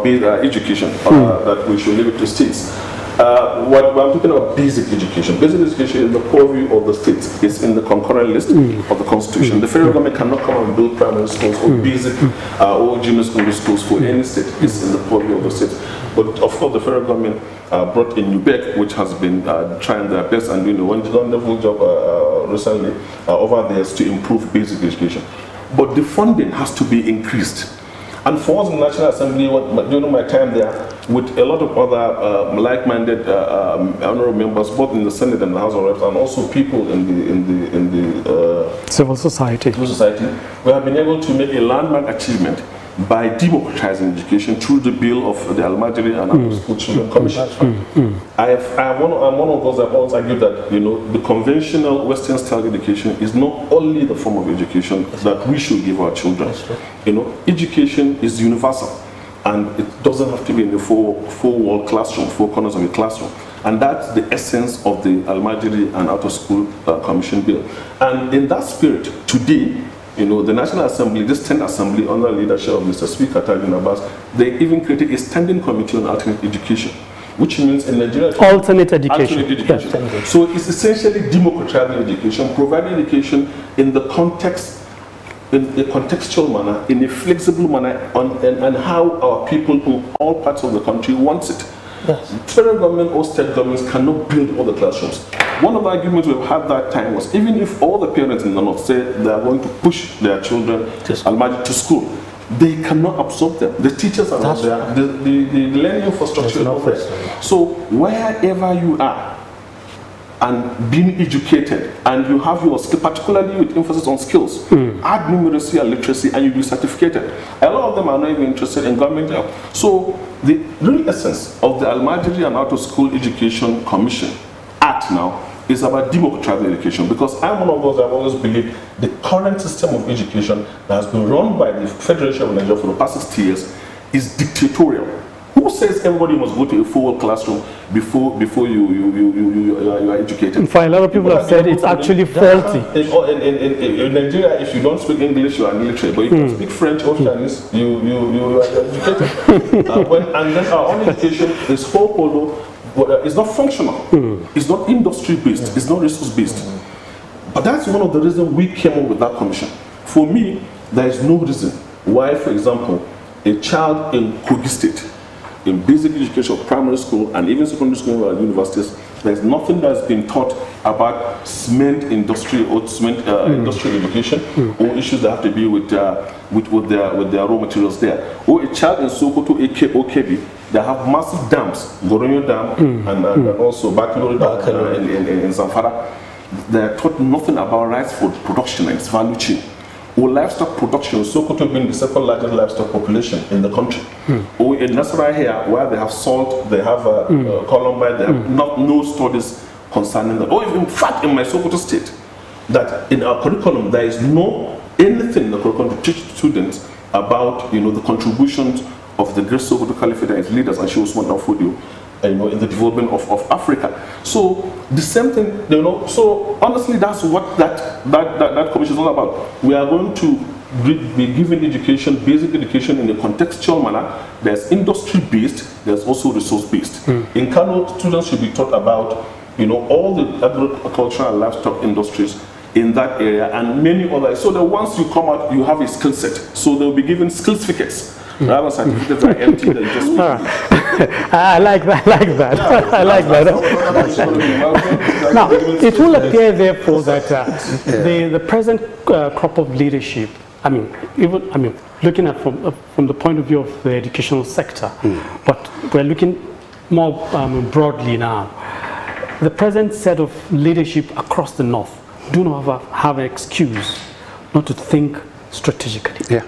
S2: education, mm -hmm. that we should leave it to states. Uh, what I'm talking about basic education. Basic education is the purview of the state. It's in the concurrent list mm. of the constitution. Mm. The federal government cannot come and build primary schools or mm. basic uh, or junior secondary schools for mm. any state. It's in the purview of the state. But of course, the federal government uh, brought in UBEC, which has been uh, trying their best and doing a wonderful job uh, uh, recently over there to improve basic education. But the funding has to be increased the National Assembly, what, during my time there, with a lot of other uh, like-minded uh, um, honorable members, both in the Senate and the House of Reps, and also people in the in the in the uh,
S1: civil society. Civil society,
S2: we have been able to make a landmark achievement by democratizing education through the bill of the Almajiri and mm. School Children Commission. Mm. mm. mm. I am one, I'm one of those that always argue that you know the conventional Western style education is not only the form of education that we should give our children. You know, education is universal, and it doesn't have to be in the four four wall classroom, four corners of a classroom. And that's the essence of the Almajiri and Out of School uh, Commission Bill. And in that spirit, today, you know, the National Assembly, this 10th Assembly under the leadership of Mr. Speaker Tajin Abbas, they even created a standing committee on alternate education, which means in Nigeria... Alternate education. Alternate education. Yes. So it's essentially democratizing education, providing education in the context in a contextual manner, in a flexible manner, on, and, and how our people in all parts of the country wants it. Federal government or state governments cannot build all the classrooms. One of the arguments we've had that time was even if all the parents in the north say they are going to push their children to, to school, they cannot absorb them. The teachers are That's not there. Right. The, the, the learning infrastructure is not there. So wherever you are, and being educated and you have your skill, particularly with emphasis on skills, mm. add numeracy and literacy and you'll be certificated. A lot of them are not even interested in government job. So the real essence of the Almajiri and Out of School Education Commission Act now is about democratic education because I'm one of those I've always believed the current system of education that has been run by the Federation of Nigeria for the past 60 years is dictatorial who says everybody must go to a full classroom before before you you you you, you, you, are, you are, educated? Fine, a lot of people have said it's actually faulty. In, in, in, in, Nigeria, if you don't speak English, you are illiterate. But if mm. you hmm. speak French or Chinese, you you you are educated. [LAUGHS] uh, when, and then our own education is whole polo, but uh, it's not functional. Mm. It's not industry based. It's not resource based. Hmm. But that's one of the reasons we came up with that commission. For me, there is no reason why, for example, a child in Kogi State in basic education, primary school, and even secondary school and universities, there's nothing that's been taught about cement industry or cement uh, mm. industrial education mm. or issues that have to do with, uh, with, with, their, with their raw materials there. Or a child in Sokoto AK, or they have massive dams, Goronyo Dam mm. and, hmm. uh, and, also Bakilori Dam in, in, in, in Zamfara. They're taught nothing about rice food production and its value chain. With livestock production, Sokoto being the second largest livestock population in the country. Mm. We, in Nasarawa here, where they have salt, they have a uh, mm. Uh, columbine, they have mm. not, no studies concerning that. Or in fact, in my Sokoto state, that in our curriculum, there is no anything in the curriculum to teach students about you know the contributions of the great Sokoto Caliphate and its leaders, and she was one of you you know, in the development of, of Africa. So the same thing, you know, so honestly, that's what that, that, that, that commission is all about. We are going to be given education, basic education in a contextual manner. There's industry-based, there's also resource-based. Mm. In Kano, students should be taught about, you know, all the agricultural and livestock industries in that area and many others. So that once you come out, you have a skill set. So they'll be given skill certificates rather certificates are empty than just
S1: [LAUGHS] I like that. I like that. Yeah, I like that.
S2: that.
S1: now, it will appear, therefore, that uh, the, the present uh, crop of leadership, I mean, even, I mean, looking at from, uh, from the point of view of the educational sector, mm. but we're looking more um, broadly now. The present set of leadership across the North do not have, a, have an excuse not to think strategically. Yeah.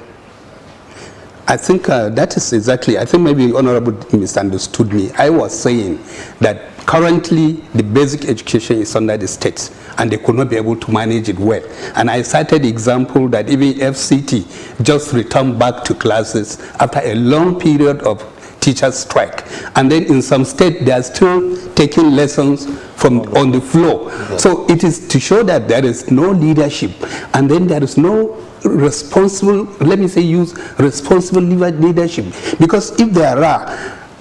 S3: I think uh, that is exactly, I think maybe Honorable misunderstood me. I was saying that currently the basic education is under the states and they could not be able to manage it well. And I cited the example that even FCT just returned back to classes after a long period of teachers strike. And then in some states they are still taking lessons from on the floor. So it is to show that there is no leadership and then there is no responsible, let me say use responsible leadership. Because if there are,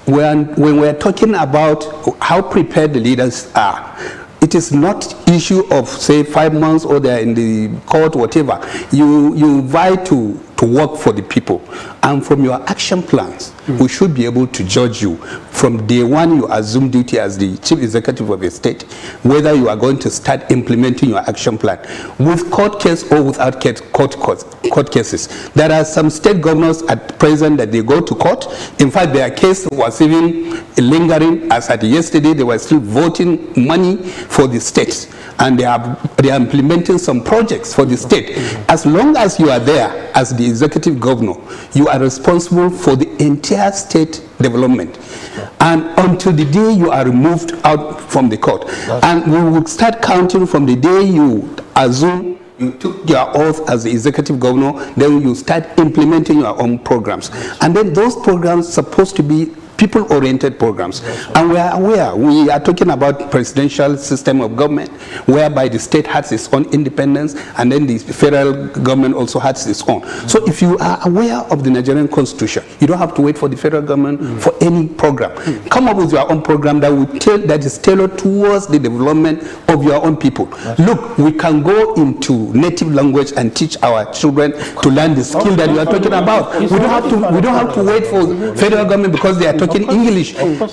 S3: when, when we're talking about how prepared the leaders are, it is not issue of say five months or they're in the court, whatever. You, you invite to to work for the people. And from your action plans, mm. we should be able to judge you from day one you assume duty as the chief executive of a state, whether you are going to start implementing your action plan with court case or without case, court, court, court cases. There are some state governors at present that they go to court. In fact, their case was even lingering as at yesterday. They were still voting money for the state and they are, they are implementing some projects for the state. As long as you are there as the executive governor, you are responsible for the entire state development. Yeah. And until the day you are removed out from the court. That's and we will start counting from the day you assume you took your oath as the executive governor, then you start implementing your own programs. And then those programs supposed to be people-oriented programs. And we are aware, we are talking about presidential system of government, whereby the state has its own independence, and then the federal government also has its own. So if you are aware of the Nigerian constitution, you don't have to wait for the federal government for any program. Come up with your own program that, will that is tailored towards the development of your own people. Look, we can go into native language and teach our children to learn the skill that you are talking about. We don't have to, we don't have to wait for federal government because they are talking speaking English.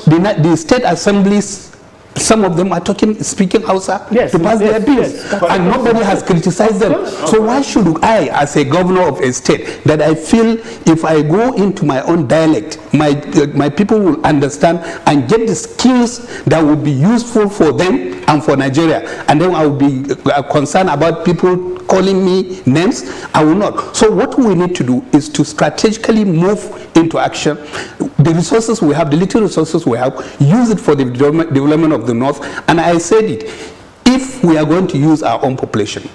S3: The, the state assemblies some of them are talking, speaking Hausa yes, to pass yes, their bills, yes. and nobody has criticized them. So why should I, as a governor of a state, that I feel if I go into my own dialect, my uh, my people will understand and get the skills that will be useful for them and for Nigeria, and then I will be uh, concerned about people calling me names. I will not. So what we need to do is to strategically move into action. The resources we have, the little resources we have, use it for the development of the north. And I said it, if we are going to use our own population,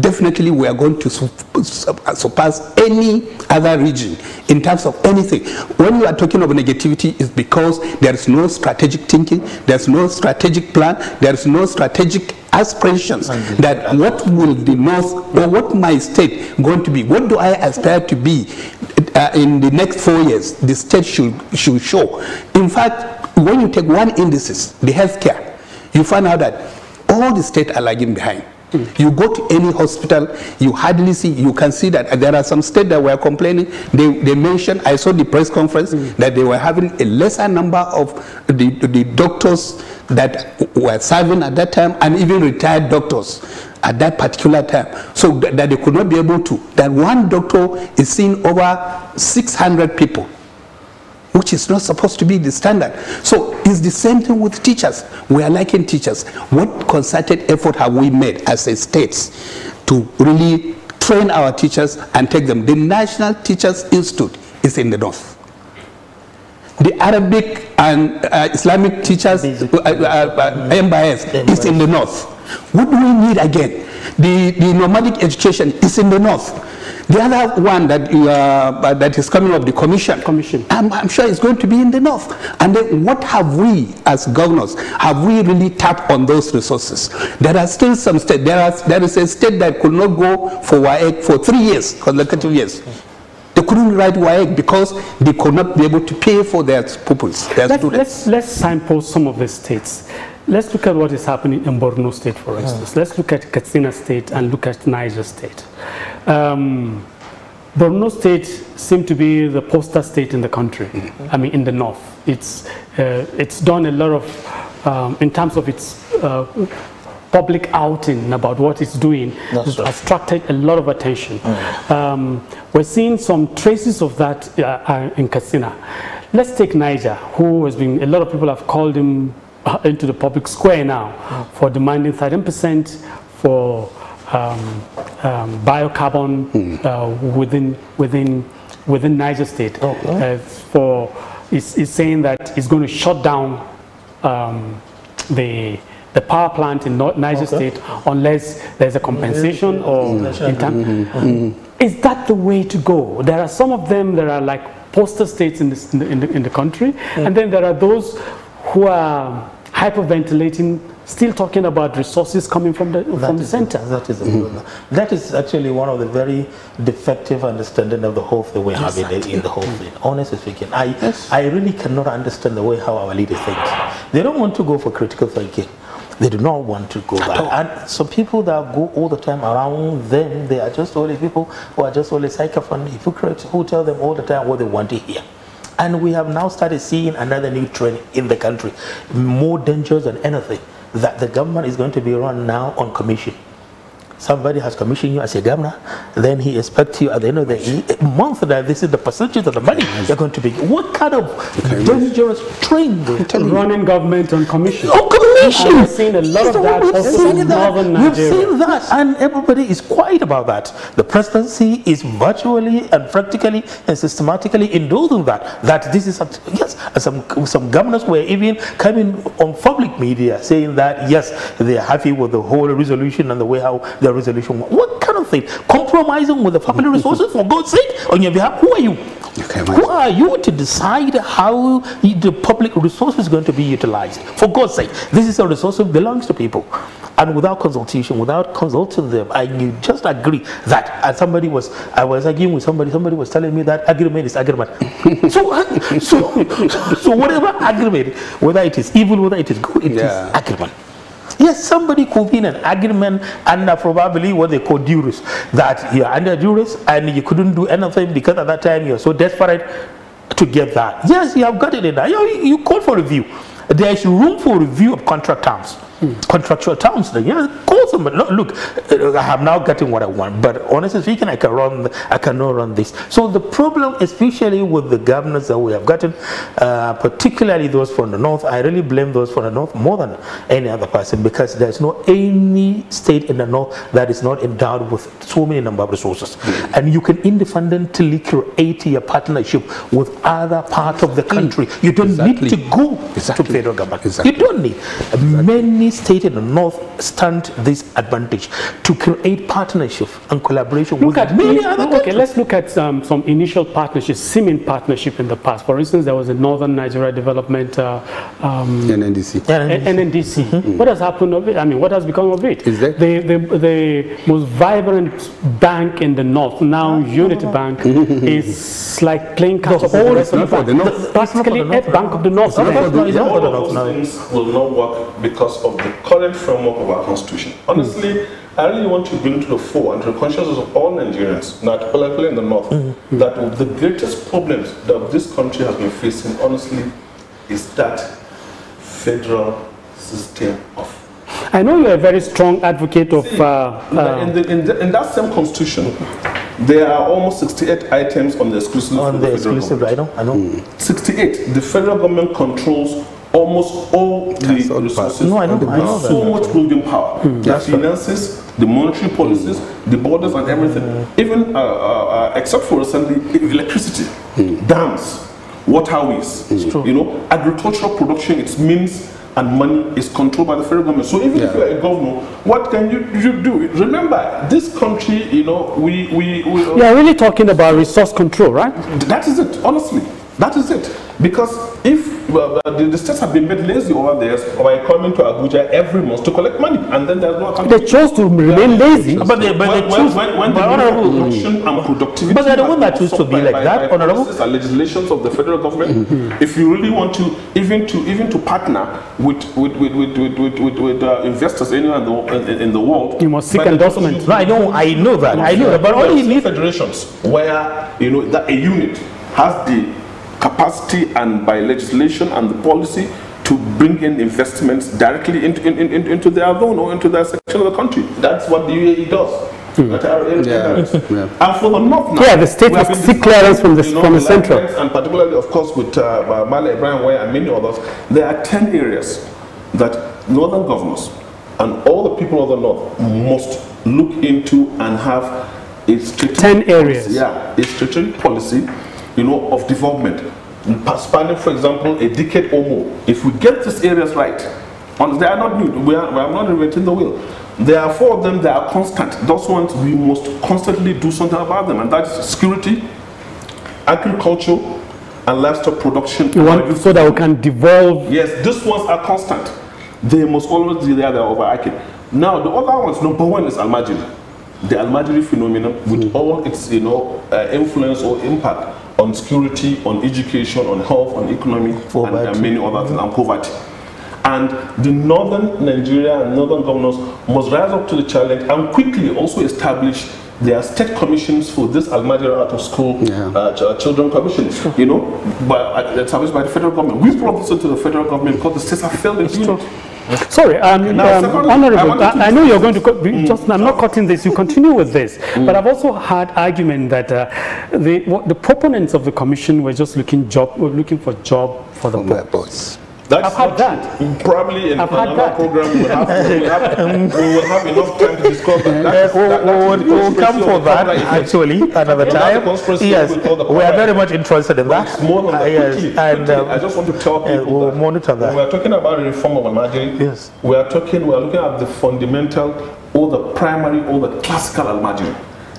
S3: definitely we are going to surpass any other region in terms of anything. When you are talking of negativity, it's because there is no strategic thinking, there is no strategic plan, there is no strategic aspirations that what will the North or what my state going to be? What do I aspire to be uh, in the next four years? The state should, should show. In fact, when you take one indices, the healthcare, you find out that all the states are lagging behind. Mm. You go to any hospital, you hardly see, you can see that there are some states that were complaining. They, they mentioned, I saw the press conference, mm. that they were having a lesser number of the, the doctors that were serving at that time and even retired doctors at that particular time. So that, that they could not be able to, that one doctor is seeing over 600 people which is not supposed to be the standard. So it's the same thing with teachers. We are lacking teachers. What concerted effort have we made as a states to really train our teachers and take them? The National Teachers Institute is in the north. The Arabic and uh, Islamic teachers, uh, uh, uh, uh MBIS, is in the north. What do we need again? The, the nomadic education is in the north. The other one that, uh, that is coming up, the commission, commission. I'm, I'm sure it's going to be in the north. And then what have we as governors, have we really tapped on those resources? There are still some states, there, there is a state that could not go for for three years, consecutive years. They couldn't write Waeg because they could not be able to pay for their pupils, their Let, students.
S1: Let's, let's sample some of the states. Let's look at what is happening in Borno State, for instance. Let's look at Katsina State and look at Niger State. Um, Borno State seems to be the poster state in the country. Mm -hmm. I mean, in the north, it's uh, it's done a lot of um, in terms of its uh, public outing about what it's doing. That's it's right. attracted a lot of attention. Mm. Um, we're seeing some traces of that uh, uh in Katsina. Let's take Niger, who has been a lot of people have called him uh, into the public square now for demanding 13% for um, um, biocarbon mm. uh, within within within Niger State. Okay. Uh, for is saying that it's going to shut down um, the the power plant in Niger okay. State unless there's a compensation mm. or mm. Mm. Is that the way to go? There are some of them that are like poster states in, this, in, the, in the, in the country, mm. and then there are those who are hyperventilating, still talking about resources coming from the, that from the center. A, that, is a, mm that is actually one of the very
S4: defective understanding of the whole thing we yes, have in, in the whole thing. Honestly speaking, I, yes. I really cannot understand the way how our leaders think. They don't want to go for critical thinking they do not want to go back. And so people that go all the time around them, they are just only people who are just only psychophone hypocrites who tell them all the time what they want to hear. And we have now started seeing another new trend in the country, more dangerous than anything, that the government is going to be run now on commission. Somebody has commissioned you as a governor, then he expects you at the end of the month that this is the percentage of the money you're going to be. What kind of dangerous trend? Running government on commission. Oh, nation. have seen a lot of that we've seen that. and everybody is quiet about that. The presidency is virtually and practically and systematically indulging that. That this is yes, some some governors were even coming on public media saying that yes, they are happy with the whole resolution and the way how the resolution. What kind of thing? Compromising with the family [LAUGHS] resources for God's sake on your behalf. Who are you? Okay, Who are you to decide how the public resource is going to be utilized? For God's sake, this this is a resource that belongs to people. And without consultation, without consulting them, I just agree that. And somebody was, I was arguing with somebody, somebody was telling me that agreement is agreement. [LAUGHS] so, uh, so, so whatever agreement, whether it is evil, whether it is good, it yeah. is agreement. Yes, somebody could be in an agreement under probably what they call duress, that you're under duress and you couldn't do anything because at that time you're so desperate to get that. Yes, you have got it in there. You, you call for review there is room for review of contract terms contractual terms. yeah, call them. No, look, I'm now getting what I want. But honestly speaking, I can run. I cannot run this. So the problem, especially with the governors that we have gotten, uh, particularly those from the north, I really blame those from the north more than any other person because there's no any state in the north that is not endowed with so many number of resources, mm. and you can independently create a partnership with other parts of the country. You don't exactly. need to go exactly. to federal government. Exactly. You don't need many state and the north stand
S1: this advantage to create partnership and collaboration look with at many other countries. Okay, let's look at um, some initial partnerships, seeming partnership in the past. For instance, there was a Northern Nigeria Development uh, um, NNDC. NNDC. NNDC. Mm-hmm. Mm -hmm. What has happened of it? I mean, what has become of it? Is that the, the, the most vibrant bank in the north, now oh, Unity Bank, mm-hmm. is like playing catch up all the, the, the north. Practically bank of the north. It's not for the north.
S2: Those things will not work because of the current framework of our constitution. Honestly, mm I really want to bring to the fore and to the consciousness of all Nigerians, not particularly in the north, mm that the greatest problems that this country has been facing, honestly, is that federal system of I know you're a very strong advocate of. See, uh, in, the, uh, in, the, in, that same constitution, there are almost 68 items on the exclusive. On the, the exclusive, I know. I know. Mm. 68. The federal government controls almost all the resources. No, I do I know so much holding power. Mm. The finances, the monetary policies, mm. the borders and everything. Mm. Even, uh, uh, uh, except for recently, electricity, hmm. dams, waterways, hmm. you know, agricultural production, its means and money is controlled by the federal government. So even yeah. if you're a governor, what can you, you do? Remember, this country, you know, we... we, we uh, You're
S1: really talking about resource control, right?
S2: That is it, honestly. That is it. Because if well, the, the, states have been made lazy over there by coming to Abuja every month to collect money, and then there's no account. They
S1: chose to remain yeah. lazy. But they, but when, they choose. When, when, when production
S2: and productivity. But they're the ones that choose to be by, like by, that, by honorable. Are legislations of the federal government. Mm -hmm. If you really want to, even to even to partner with with with with with, with, with, with uh, investors anywhere in the, in, in the world, you must seek endorsement. No, I know, I know that, I know that. But only federations where you know that a unit has the capacity and by legislation and policy to bring in investments directly into, in, in, into their zone or into their section of the country. That's what the UAE does. Mm. Yeah. yeah. And for the north now, yeah, the state has seek clearance from the, you know, from the central. And particularly, of course, with uh, uh Mala Ibrahim Way and many others, there are 10 areas that northern governors and all the people of the north must look into and have a strategic 10 areas. Policy. Yeah, a strategic policy you know, of development, spanning, for example, a decade or more. If we get these areas right, they are not new, we are, we are not inventing the wheel. There are four of them that are constant. Those ones we must constantly do something about them, and that's security, agriculture, and livestock production. You want so that we can devolve? Yes, these ones are constant. They must always be there, they're overarching. Now, the other ones, number one is Almagiri. The Almagiri phenomenon, with mm. all its you know, uh, influence or impact on security, on education, on health, on economic, poverty. and many other things, and poverty. And the northern Nigeria and northern governors must rise up to the challenge and quickly also establish their state commissions for this Almadira out of school yeah. uh, children commission, you know, but uh, established by the federal government. We brought this into the federal government because the states have failed in doing it. Sorry, um, I um,
S1: Honorable, I, I, know you're going to, mm. just, I'm not cutting this, you continue with this. Mm. But I've also had argument that uh, the, what, the proponents of the commission were just looking, job, were looking for job for the for purpose.
S2: That's I've had that. Probably in I've another program we will, have, have, [LAUGHS] have enough time to discuss that. that, we'll, that, that we'll, we'll come for that
S1: actually
S4: another time. Yes, we are very much interested in that. More uh, yes, and um, I just
S2: want to tell people uh, we'll that monitor that. we are talking about reform of Almajiri, yes, we are talking. We are looking at the fundamental, or the primary, or the classical Almajiri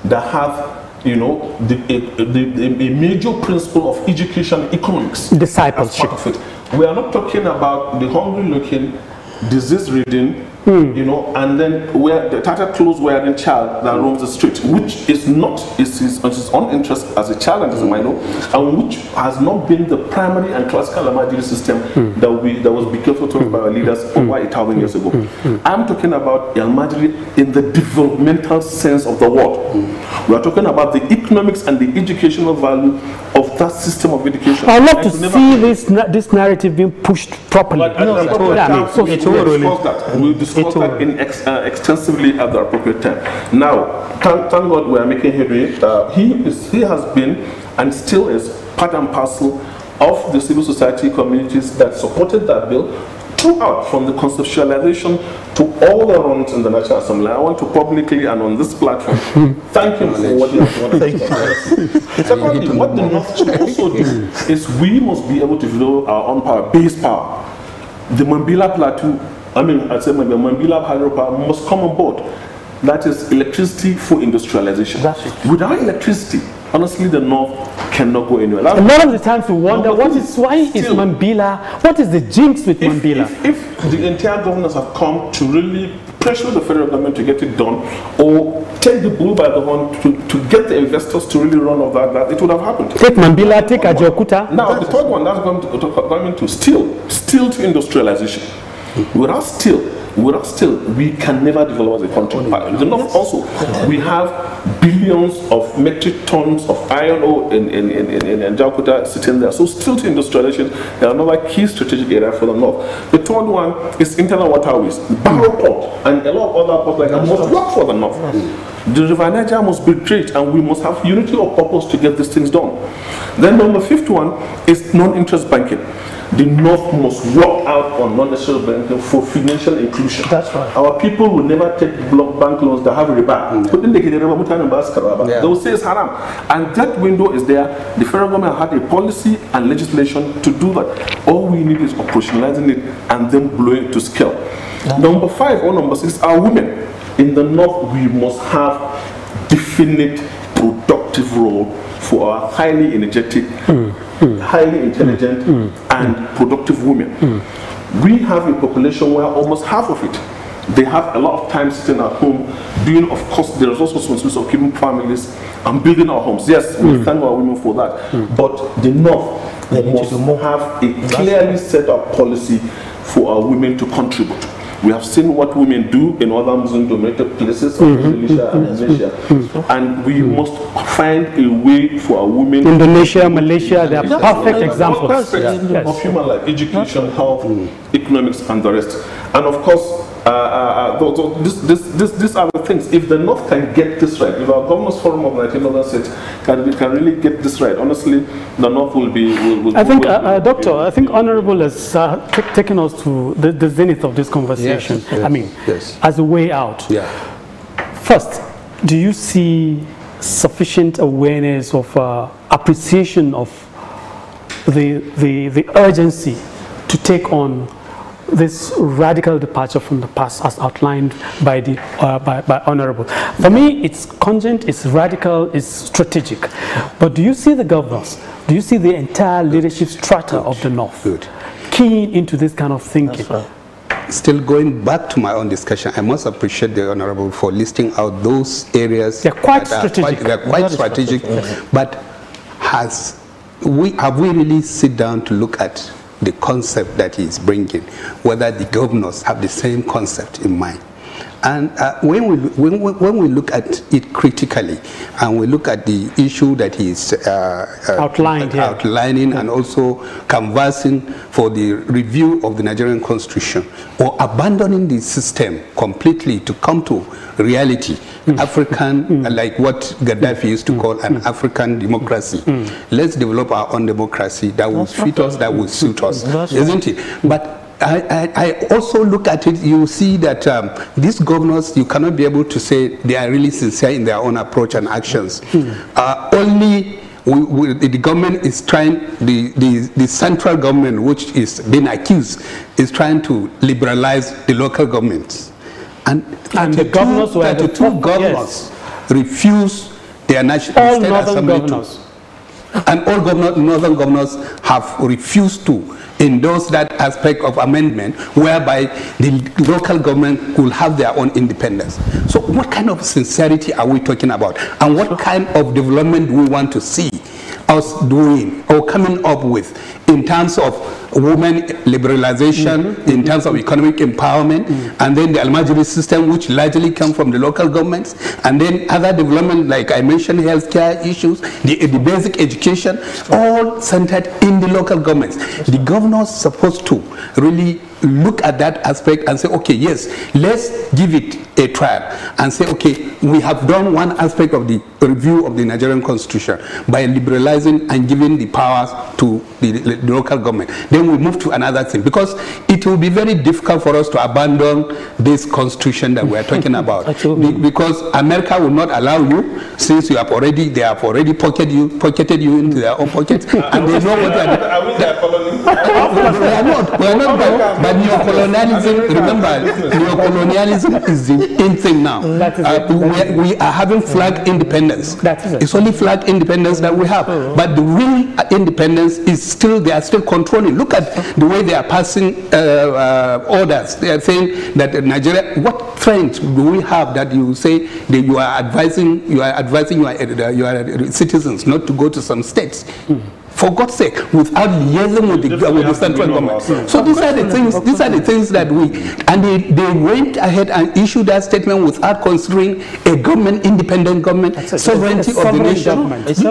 S2: that have you know, the, a, the, major principle of education economics. Discipleship. As part of it. We are not talking about the hungry looking, disease ridden, Mm. You know, and then where the tattered clothes wearing child that hmm. roams the street, which is not is his, his own interest as a child and as a hmm. minor, and which has not been the primary and classical Ahmadiyya system mm. that we that was become taught mm. by our leaders hmm. over a thousand years ago. I'm talking about Ahmadiyya in the developmental sense of the word. We are talking about the economics and the educational value of that system of education. I love to see
S1: this this narrative being pushed properly. But, no, spoken in
S2: ex, uh, extensively at the appropriate time. Now, thank, thank God we are making headway. Uh, he, is, he has been and still is part and parcel of the civil society communities that supported that bill throughout from the conceptualization to all the rounds in the National Assembly. I want to publicly and on this platform [LAUGHS] thank him for what he has done.
S1: [LAUGHS] Secondly, what the North
S2: should also do is we must be able to develop our own power, base power. The Mambila Plateau I mean, I said maybe when we have hydropower must come on board. That is electricity for industrialization. That's it. Without electricity, honestly, the North cannot go anywhere. That's a lot of
S1: the times we wonder no, what is why still, is Mambila?
S2: What is the jinx with if, Mambila? If, if the entire governors have come to really pressure the federal government to get it done, or take the bull by the horn to, to get the investors to really run off that, that it would have happened. Take
S1: Mambila, take Ajaokuta. Now, the third
S2: one, that's going to, government to steal, steal to industrialization. Without still, without still, we can never develop as a country. Also, we have billions of metric tons of iron ore in, in, in, in, in Jakarta sitting there. So still to industrialization, there are another key strategic area for the north. The third one is internal waterways, Barrow Port, and a lot of other ports like that must work for the north. The River Niger must be great, and we must have unity of purpose to get these things done. Then number fifth one is non-interest banking the North must walk out on non-essential banking for financial inclusion. That's right. Our people will never take block bank loans that have riba. Mm. Yeah. They will say it's haram. And that window is there. The federal government had a policy and legislation to do that. All we need is operationalizing it and then blowing it to scale. Yeah. Number five or number six are women. In the North, we must have definite productive role who are highly energetic, mm. highly intelligent, mm. and productive women. We have a population where almost half of it they have a lot of time sitting at home doing of course there is also responsibility of keeping families and building our homes yes we hmm. thank our women for that hmm. but the north they must have a clearly set up policy for our women to contribute we have seen what women do in other Muslim-dominated places, like mm-hmm. Indonesia and mm-hmm. Malaysia. Mm-hmm. And we must find a way for our women. Indonesia,
S1: Malaysia, they are perfect examples of
S2: human life, education, health, mm. economics, and the rest. And of course, uh, uh, uh this, this, this, these are the things. If the North can get this right, if our Governors Forum of 1906 can, can really get this right, honestly, the North will be. Will, will, I think, will, uh, uh, Doctor,
S1: I think Honorable has taken us to the, the, zenith of this conversation. Yes, yes, I mean, yes. as a way out. Yeah. First, do you see sufficient awareness of appreciation of the, the, the urgency to take on this radical departure from the past as outlined by the uh, by, by honorable for me it's congent it's radical it's strategic but do you see the governors do you see the entire leadership strata Good. of the north Good. keying into this kind of thinking
S3: Still going back to my own discussion, I must appreciate the Honorable for listing out those areas. They're quite strategic. Quite, they're quite strategic, strategic. Mm -hmm. but has we, have we really sit down to look at the concept that he is bringing, whether the governors have the same concept in mind. And uh, when, we, when, we, when we look at it critically and we look at the issue that he's uh, uh, Outlined outlining yeah. and also canvassing for the review of the Nigerian constitution or abandoning the system completely to come to reality, mm. African, mm. Uh, like what Gaddafi used to mm. call an mm. African democracy. Mm. Let's develop our own democracy that will That's fit us, that will suit us, That's isn't right. it? But I, I, also look at it, you see that um, these governors, you cannot be able to say they are really sincere in their own approach and actions. Mm. Uh, only we, we, the government is trying, the, the, the, central government, which is being accused, is trying to liberalize the local governments. And, and the governors were the two governors yes. their national all state assembly governors. To, and all governor, northern governors have refused to endorse that aspect of amendment whereby the local government will have their own independence. So what kind of sincerity are we talking about? And what kind of development do we want to see us doing or coming up with in terms of women liberalization mm -hmm. in terms of economic empowerment, mm -hmm. and then the Almajiri system, which largely come from the local governments, and then other development, like I mentioned, healthcare issues, the, the basic education, all centered in the local governments. The governors supposed to really look at that aspect and say, okay, yes, let's give it a trial and say, okay, we have done one aspect of the review of the Nigerian constitution by liberalizing and giving the powers to the, the local government. Then then we move to another thing because it will be very difficult for us to abandon this constitution that we are talking about. [LAUGHS] Be because America will not allow you since you have already they have already pocketed you pocketed you into their own pockets [LAUGHS] and they know what they are. Are
S2: we their colony? we
S3: are not. We are not. but neocolonialism. Remember, neocolonialism is the in thing now. Uh, we, are, we, are, having flag mm. independence. That is It's only flag independence that we have. Mm. But the real independence is still they are still controlling. Look the way they are passing uh, uh, orders. They are saying that Nigeria, what trends do we have that you say that you are advising, you are advising your, uh, your citizens not to go to some states? Mm for God's sake, without liaising with the, with the central government. So these are the things. These are the things that we and they, they went ahead and issued that statement without considering a government, independent government, a, sovereignty of the nation.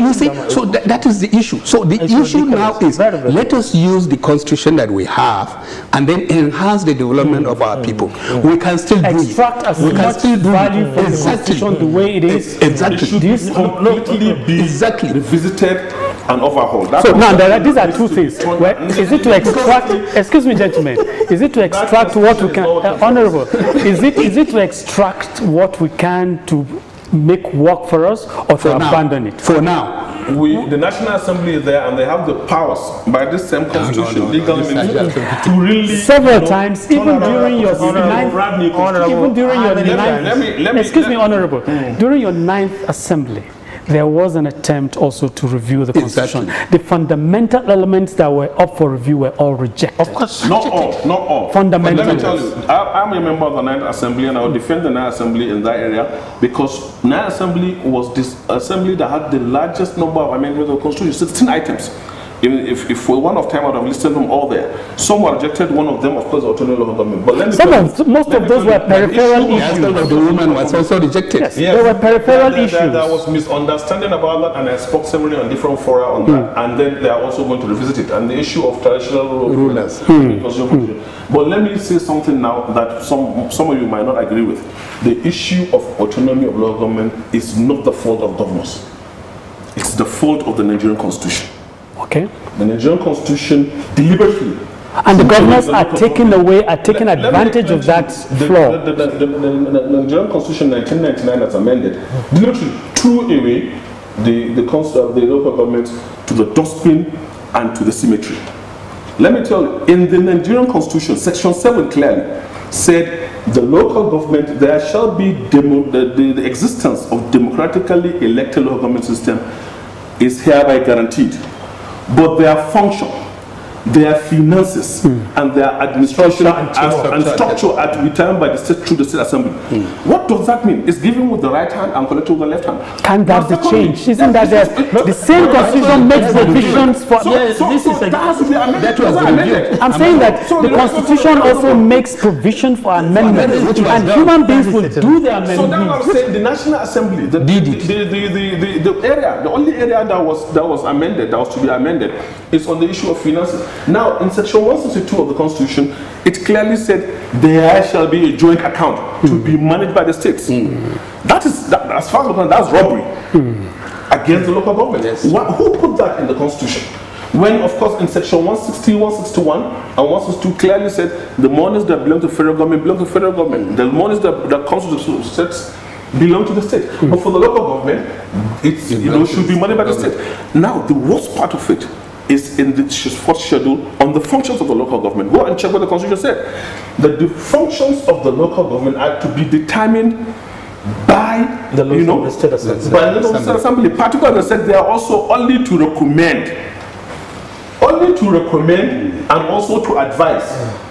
S3: You see, so that is the issue. So the it's issue now is very, very let us use the constitution that we have and then enhance the development mm, of our mm, people. Mm. We
S1: can still extract do it.
S2: as we much can still do value from exactly. the constitution the way it is. Exactly. It should completely be exactly. revisited an overhaul. That so now there are, these are two things. Where, is
S1: it to [LAUGHS] extract? excuse me, gentlemen. Is it to extract what we can? Uh, honorable. Is it is it to extract what we can to make work for us or for to now. abandon it? For now.
S2: We, the National Assembly is there and they have the powers by this same constitution, no, no, no, legal means, to
S1: really. Several you know, times, even during your ninth, even during your ninth, excuse me, honorable, during your ninth assembly, there was an attempt also to review the constitution. Exactly. The fundamental elements that were up for review were all
S2: rejected. Of course, not all, not all. Fundamental. Let me tell you, I, am a member of the Ninth Assembly, and I will defend the Ninth Assembly in that area because Ninth Assembly was this assembly that had the largest number of amendments of the constitution, 16 items. Even if, if for one of time I would have listed them all there. Some were rejected, one of them, of course, autonomous local government. But let me Some of, most of those were peripheral issue. issues. The husband of the woman was also rejected. Yes, yes. there were peripheral there, issues. There, there, was misunderstanding about that, and I spoke several on different fora on mm. that. Hmm. And then they are also going to revisit it. And the issue of traditional rulers. Mm. Mm. But let me say something now that some, some of you might not agree with. The issue of autonomy of local government is not the fault of governors. It's the fault of the Nigerian constitution. Okay. The Nigerian constitution deliberately and the governors are taking away, are
S1: taking advantage of that flaw.
S2: The, the, the, the, Nigerian Constitution 1999 that's amended deliberately threw away the, the concept of uh, the local government to the dustbin and to the cemetery. Let me tell you, in the Nigerian Constitution, Section 7 clearly said the local government, there shall be demo, the, the existence of democratically elected local government system is hereby guaranteed but their function their finances mm. and their administration and, structure, are structure determined by the state through the state assembly. Mm. What does that mean? It's given with the right hand and collected with the left hand. Can that be changed? Isn't that the, the same constitution makes provisions for? So, yes, this is a, that amended.
S1: I'm saying that the constitution also makes provision for amendments, and human beings will do their amendments. So now I'm saying the
S2: national assembly, the, the, the, the, area, the only area that was that was amended, that was to be amended, is on the issue of finances. Now, in section 162 of the Constitution, it clearly said there shall be a joint account mm. to be managed by the states. Mm. That is, that, as far as I'm that's robbery mm. against the local government. Yes. What, who put that in the Constitution? When, of course, in section 160, 161, and 162 clearly said the monies that belong to federal government belong to federal government. The monies that, that comes to the states belong to the state. Hmm. But for the local government, it you know, should be managed by the state. Now, the worst part of it is in the fourth schedule on the functions of the local government. Go and check what the constitution said. That the functions of the local government are to be determined by the you know, state assembly. By the local state assembly. Particularly said they are also only to recommend only to recommend and also to advise.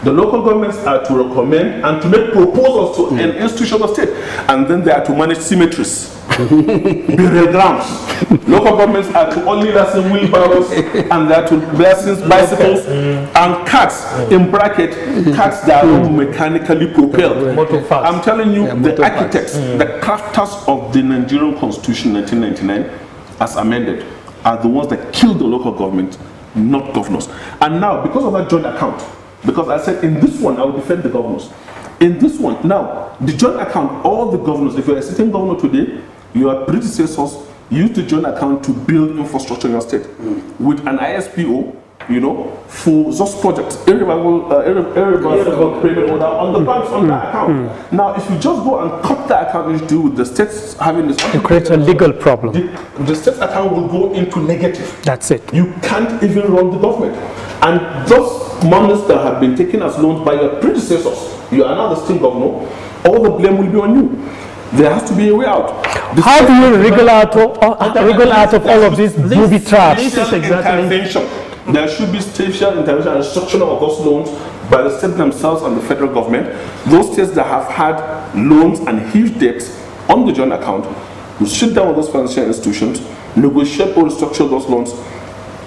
S2: The local governments are to recommend and to make proposals to mm. an institution of state. And then they are to manage symmetries burial grounds. Local governments are to only licensing wheelbarrows and they are to blessings bicycles mm. and cars, in bracket, cars that are mm. mechanically propelled. I'm telling you, the architects, mm. the crafters of the Nigerian Constitution 1999, as amended, are the ones that killed the local government, not governors. And now, because of that joint account, because I said in this one I will defend the governors. In this one, now, the joint account, all the governors, if you're a sitting governor today, your predecessors used the joint account to build infrastructure in your state. Mm. With an ISPO, you know, for those projects, irrevocable, uh, irrevocable payment order on the banks on that mm. account. Mm. Now, if you just go and cut that account into with the states having this, you create a
S1: legal problem. The,
S2: the state account will go into negative. That's it. You can't even run the government, and those monies that have been taken as loans by your predecessors, you are now the state governor. All the blame will be on you. There has to be a way out. This How do you wriggle out of, uh, wriggle out of all
S1: of these booby traps? This is
S2: exactly. Intervention. There should be special intervention and restructuring of those loans by the states themselves and the federal government. Those states that have had loans and huge debts on the joint account, we sit down with those financial institutions, negotiate or restructure those loans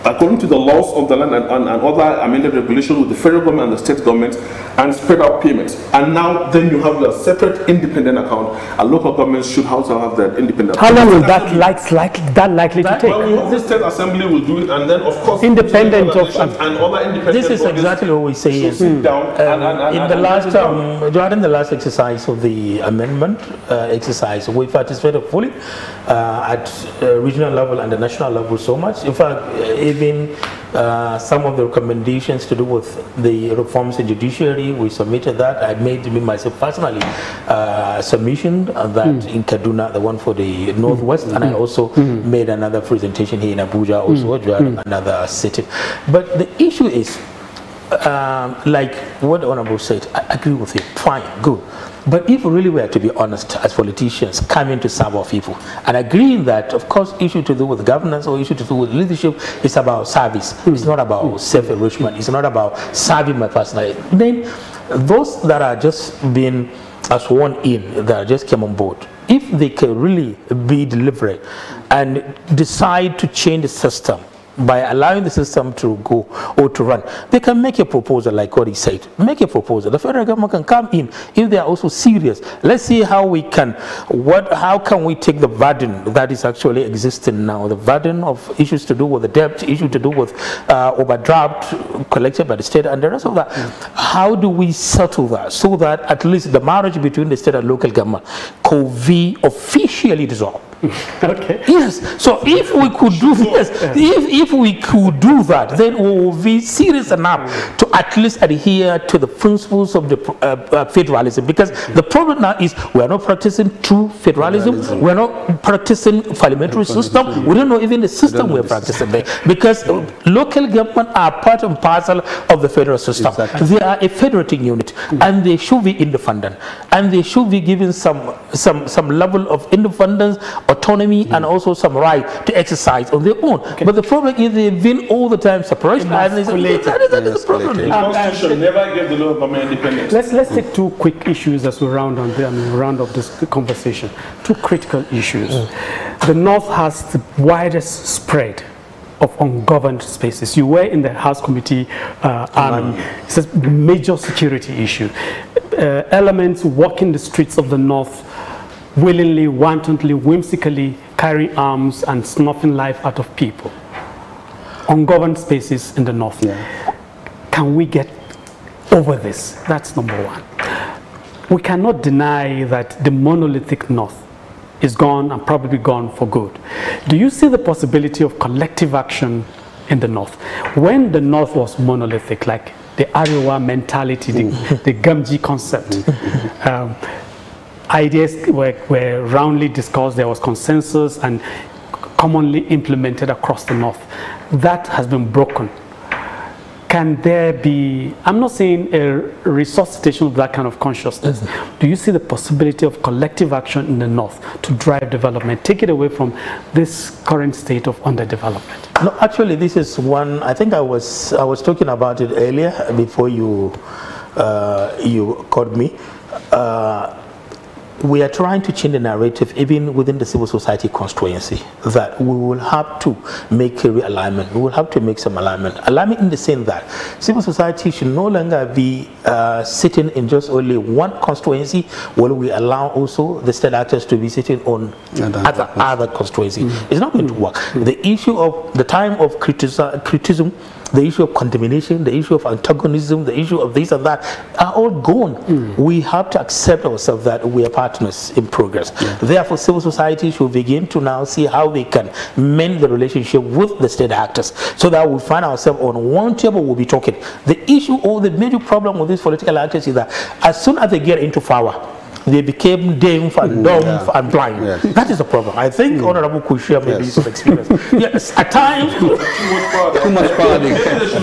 S2: according to the laws of the land and, and, and other amended regulations with the federal government and the state government and spread out payments. And now then you have your separate independent account A local governments should also have that independent How long will that,
S1: like, like, that likely that, to take? Well, we
S2: hope the state assembly will do it and then of course independent of uh, and other independent This is exactly what we say is down um, and, in the last um,
S4: during the last exercise of the amendment uh, exercise we participated fully uh, at uh, regional level and the national level so much. In fact, uh, uh, some of the recommendations to do with the reforms in judiciary. We submitted that. I made me myself personally uh, submission that mm. in Kaduna, the one for the Northwest, mm. and I hmm. also mm. made another presentation here in Abuja, also mm. another city. But the issue is, um, like what the Honorable said, I agree with you, fine, good. But if we really were to be honest as politicians coming to serve our people and agreeing that, of course, issue to do with governance or issue to do with leadership is about service. It's not about self-enrichment. It's not about serving my personal. Then those that are just being sworn in, that just came on board, if they can really be deliberate and decide to change the system, by allowing the system to go or to run. They can make a proposal like what he said. Make a proposal. The federal government can come in if they are also serious. Let's see how we can, what, how can we take the burden that is actually existing now, the burden of issues to do with the debt, issue to do with uh, overdraft collected by the state and the rest of that. Mm. How do we settle that so that at least the marriage between the state and local government could be officially dissolved? [LAUGHS] okay. Yes. So if we could do yes, if, if we could do that, then we will be serious enough to at least adhere to the principles of the uh, uh, federalism. Because the problem now is we are not practicing true federalism. federalism. We are not practicing parliamentary system. We don't know even the system we are practicing there. Because yeah. local government are part and parcel of the federal system. Exactly. They are a federating unit, mm. and they should be independent, and they should be given some some some level of independence autonomy mm and also some right to exercise
S1: on their own. Okay. But the problem is they've been all the time separation. that is, the
S2: problem. The Constitution um, never the law of government independence. Let's, let's mm. take two
S1: quick issues as we round on I mean, round of this conversation. Two critical issues. Mm. The North has the widest spread of ungoverned spaces. You were in the House Committee uh, Army. Um, it's a major security issue. Uh, elements walking the streets of the North willingly, wantonly, whimsically carrying arms and snuffing life out of people. Ungoverned spaces in the north. Yeah. Can we get over this? That's number one. We cannot deny that the monolithic north is gone and probably gone for good. Do you see the possibility of collective action in the north? When the north was monolithic, like the Ariwa mentality, the, the Gamji concept, [LAUGHS] um, ideas were, were roundly discussed, there was consensus and commonly implemented across the North. That has been broken. Can there be, I'm not saying a resuscitation of that kind of consciousness. Mm -hmm. Do you see the possibility of collective action in the North to drive development, take it away from this current state of underdevelopment? No, actually this is one, I think I was, I was talking about it earlier
S4: before you, uh, you called me. Uh, we are trying to change the narrative even within the civil society constituency that we will have to make a realignment. We will have to make some alignment. Alignment in the sense that civil society should no longer be uh, sitting in just only one constituency while we allow also the state actors to be sitting on other, other, other constituency. Mm -hmm. It's not going to mm. work. Mm -hmm. The issue of the time of criticism the issue of contamination, the issue of antagonism, the issue of this and that are all gone. Mm. We have to accept ourselves that we are partners in progress. Yeah. Therefore, civil society should begin to now see how they can mend the relationship with the state actors so that we find ourselves on one table, we'll be talking. The issue or the major problem with these political actors is that as soon as they get into power, they became deaf and dumb yeah. and blind. Yes. That is the problem. I think mm. Honorable Kushia may yes. be some experience. [LAUGHS] yes, at times. too much padding.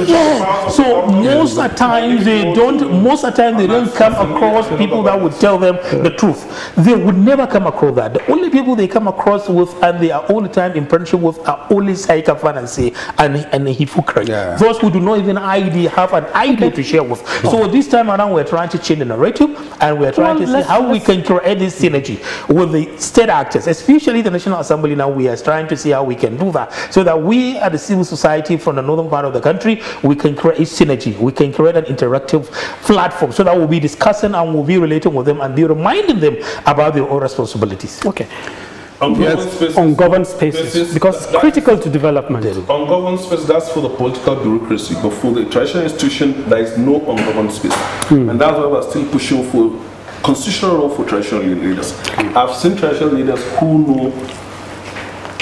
S4: yeah. So most at times they don't. Most at times they don't come across people that would tell them the truth. They would never come across that. The only people they come across with and they are all the time in partnership with are only fantasy and and hypocrite. Yeah. Those who do not even ID have an ID to share with. So this time around we're trying to change the narrative and we're trying well, to see how we can create this synergy with the state actors, especially the National Assembly now we are trying to see how we can do that so that we as the civil society from the northern part of the country, we can create synergy, we can create an interactive platform so that we'll be discussing and we'll be relating with them and be reminding them about
S1: their own responsibilities. Okay. On yes, governed spaces, on governed spaces, spaces because it's critical to development.
S2: On governed spaces, that's for the political bureaucracy, but for the traditional institution, there is no ungoverned space, hmm. and that's why we're still pushing for constitutional role for traditional leaders. I've seen traditional leaders who know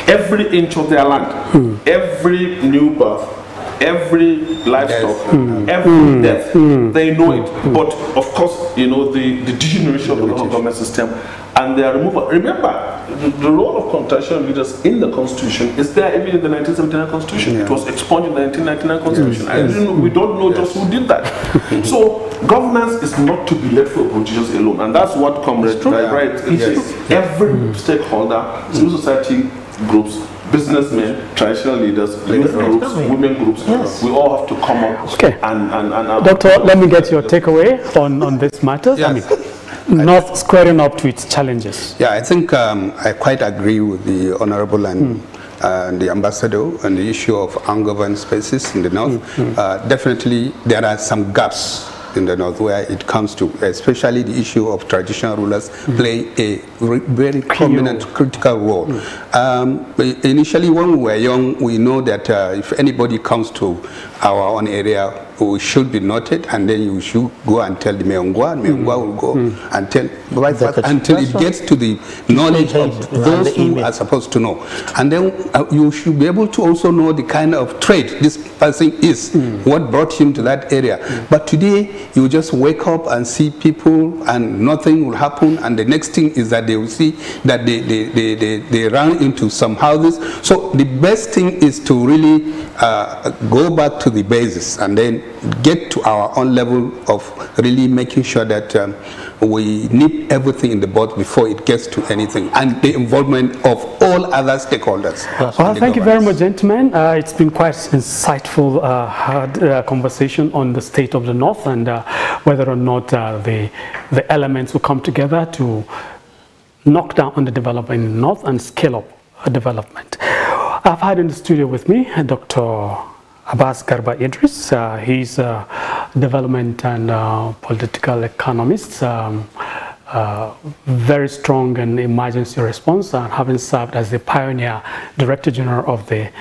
S2: every inch of their land, hmm. every new birth, every livestock, yes. every mm. death. Mm. They know it. Mm. But of course, you know, the, the degeneration of the local government system and their removal. Remember, the, the role of constitutional leaders in the constitution is there even in the 1979 constitution. Yeah. It was expunged in the 1999 constitution. Yes. Yes. we don't know just who did that. [LAUGHS] so governance is not to be left for politicians alone. And that's what Comrade right, right. Every mm. stakeholder, civil society groups, businessmen, traditional leaders, youth groups, women groups, yes. we all have to come up. Okay. And, and, and, Doctor, let
S1: me get your takeaway on, on this matter. Yes. I mean, not squaring up to its challenges.
S3: Yeah, I think um, I quite agree with the Honorable and, mm. uh, the Ambassador on the issue of ungoverned spaces in the hmm, North. Mm. Uh, definitely, there are some gaps in the North where it comes to, especially the issue of traditional rulers mm. play a very prominent critical role. Mm. Um, initially, when we were young, we know that uh, if anybody comes to our own area, we should be noted, and then you should go and tell the Meongwa, and Meongwa mm. will go mm. and tell, right, until it gets to the knowledge of those who are supposed to know. And then uh, you should be able to also know the kind of trade this person is, mm. what brought him to that area. Mm. But today, you just wake up and see people, and nothing will happen, and the next thing is that they will see that they, they, they, they, they run into some houses. So the best thing is to really uh, go back to the basis and then get to our own level of really making sure that um, we nip everything in the bud before it gets to anything and the involvement of all other stakeholders.
S1: Well, thank you very much, gentlemen. Uh, it's been quite insightful, uh, hard, uh, conversation on the state of the North and uh, whether or not uh, the, the elements will come together to knock down on the development in the north and scale up development. I've had in the studio with me Dr. Abbas Garba Idris. Uh, he's a development and uh, political economist, um, uh, very strong in emergency response, and having served as the pioneer director general of the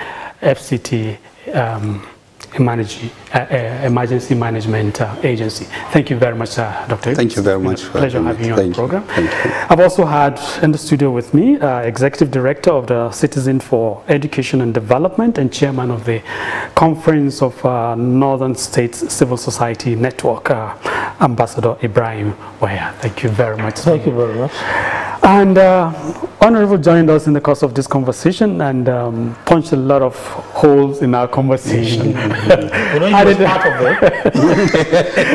S1: FCT. Um, manage, uh, uh, Emergency Management uh, Agency. Thank you very much, Dr. Thank you very much. pleasure having you on the program. I've also had in the studio with me Executive Director of the Citizen for Education and Development and Chairman of the Conference of Northern States Civil Society Network, Ambassador Ibrahim Waya. Thank you very much. Thank you very much. And uh, Honorable joined us in the course of this conversation and um, punched a lot of holes in our conversation. [LAUGHS] you know, he I was part of it.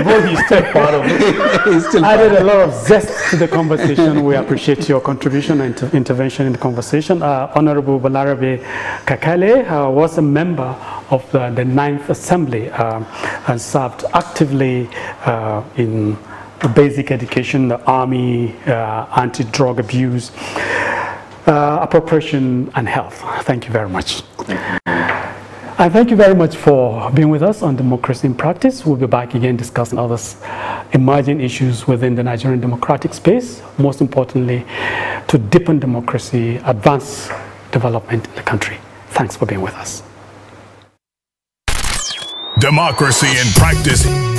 S1: but [LAUGHS] he's still part of it. he's still added a lot of zest to the conversation. we appreciate your contribution and inter intervention in the conversation. Uh, Honorable Balarabe Kakale uh, was a member of the, the Ninth Assembly uh, and served actively uh, in basic education, the army, uh, anti-drug abuse, uh, appropriation and health. Thank you very much. I thank you very much for being with us on Democracy in Practice. We'll be back again discussing other emerging issues within the Nigerian democratic space, most importantly, to deepen democracy, advance development in the country. Thanks for being
S2: with us. Democracy in Practice.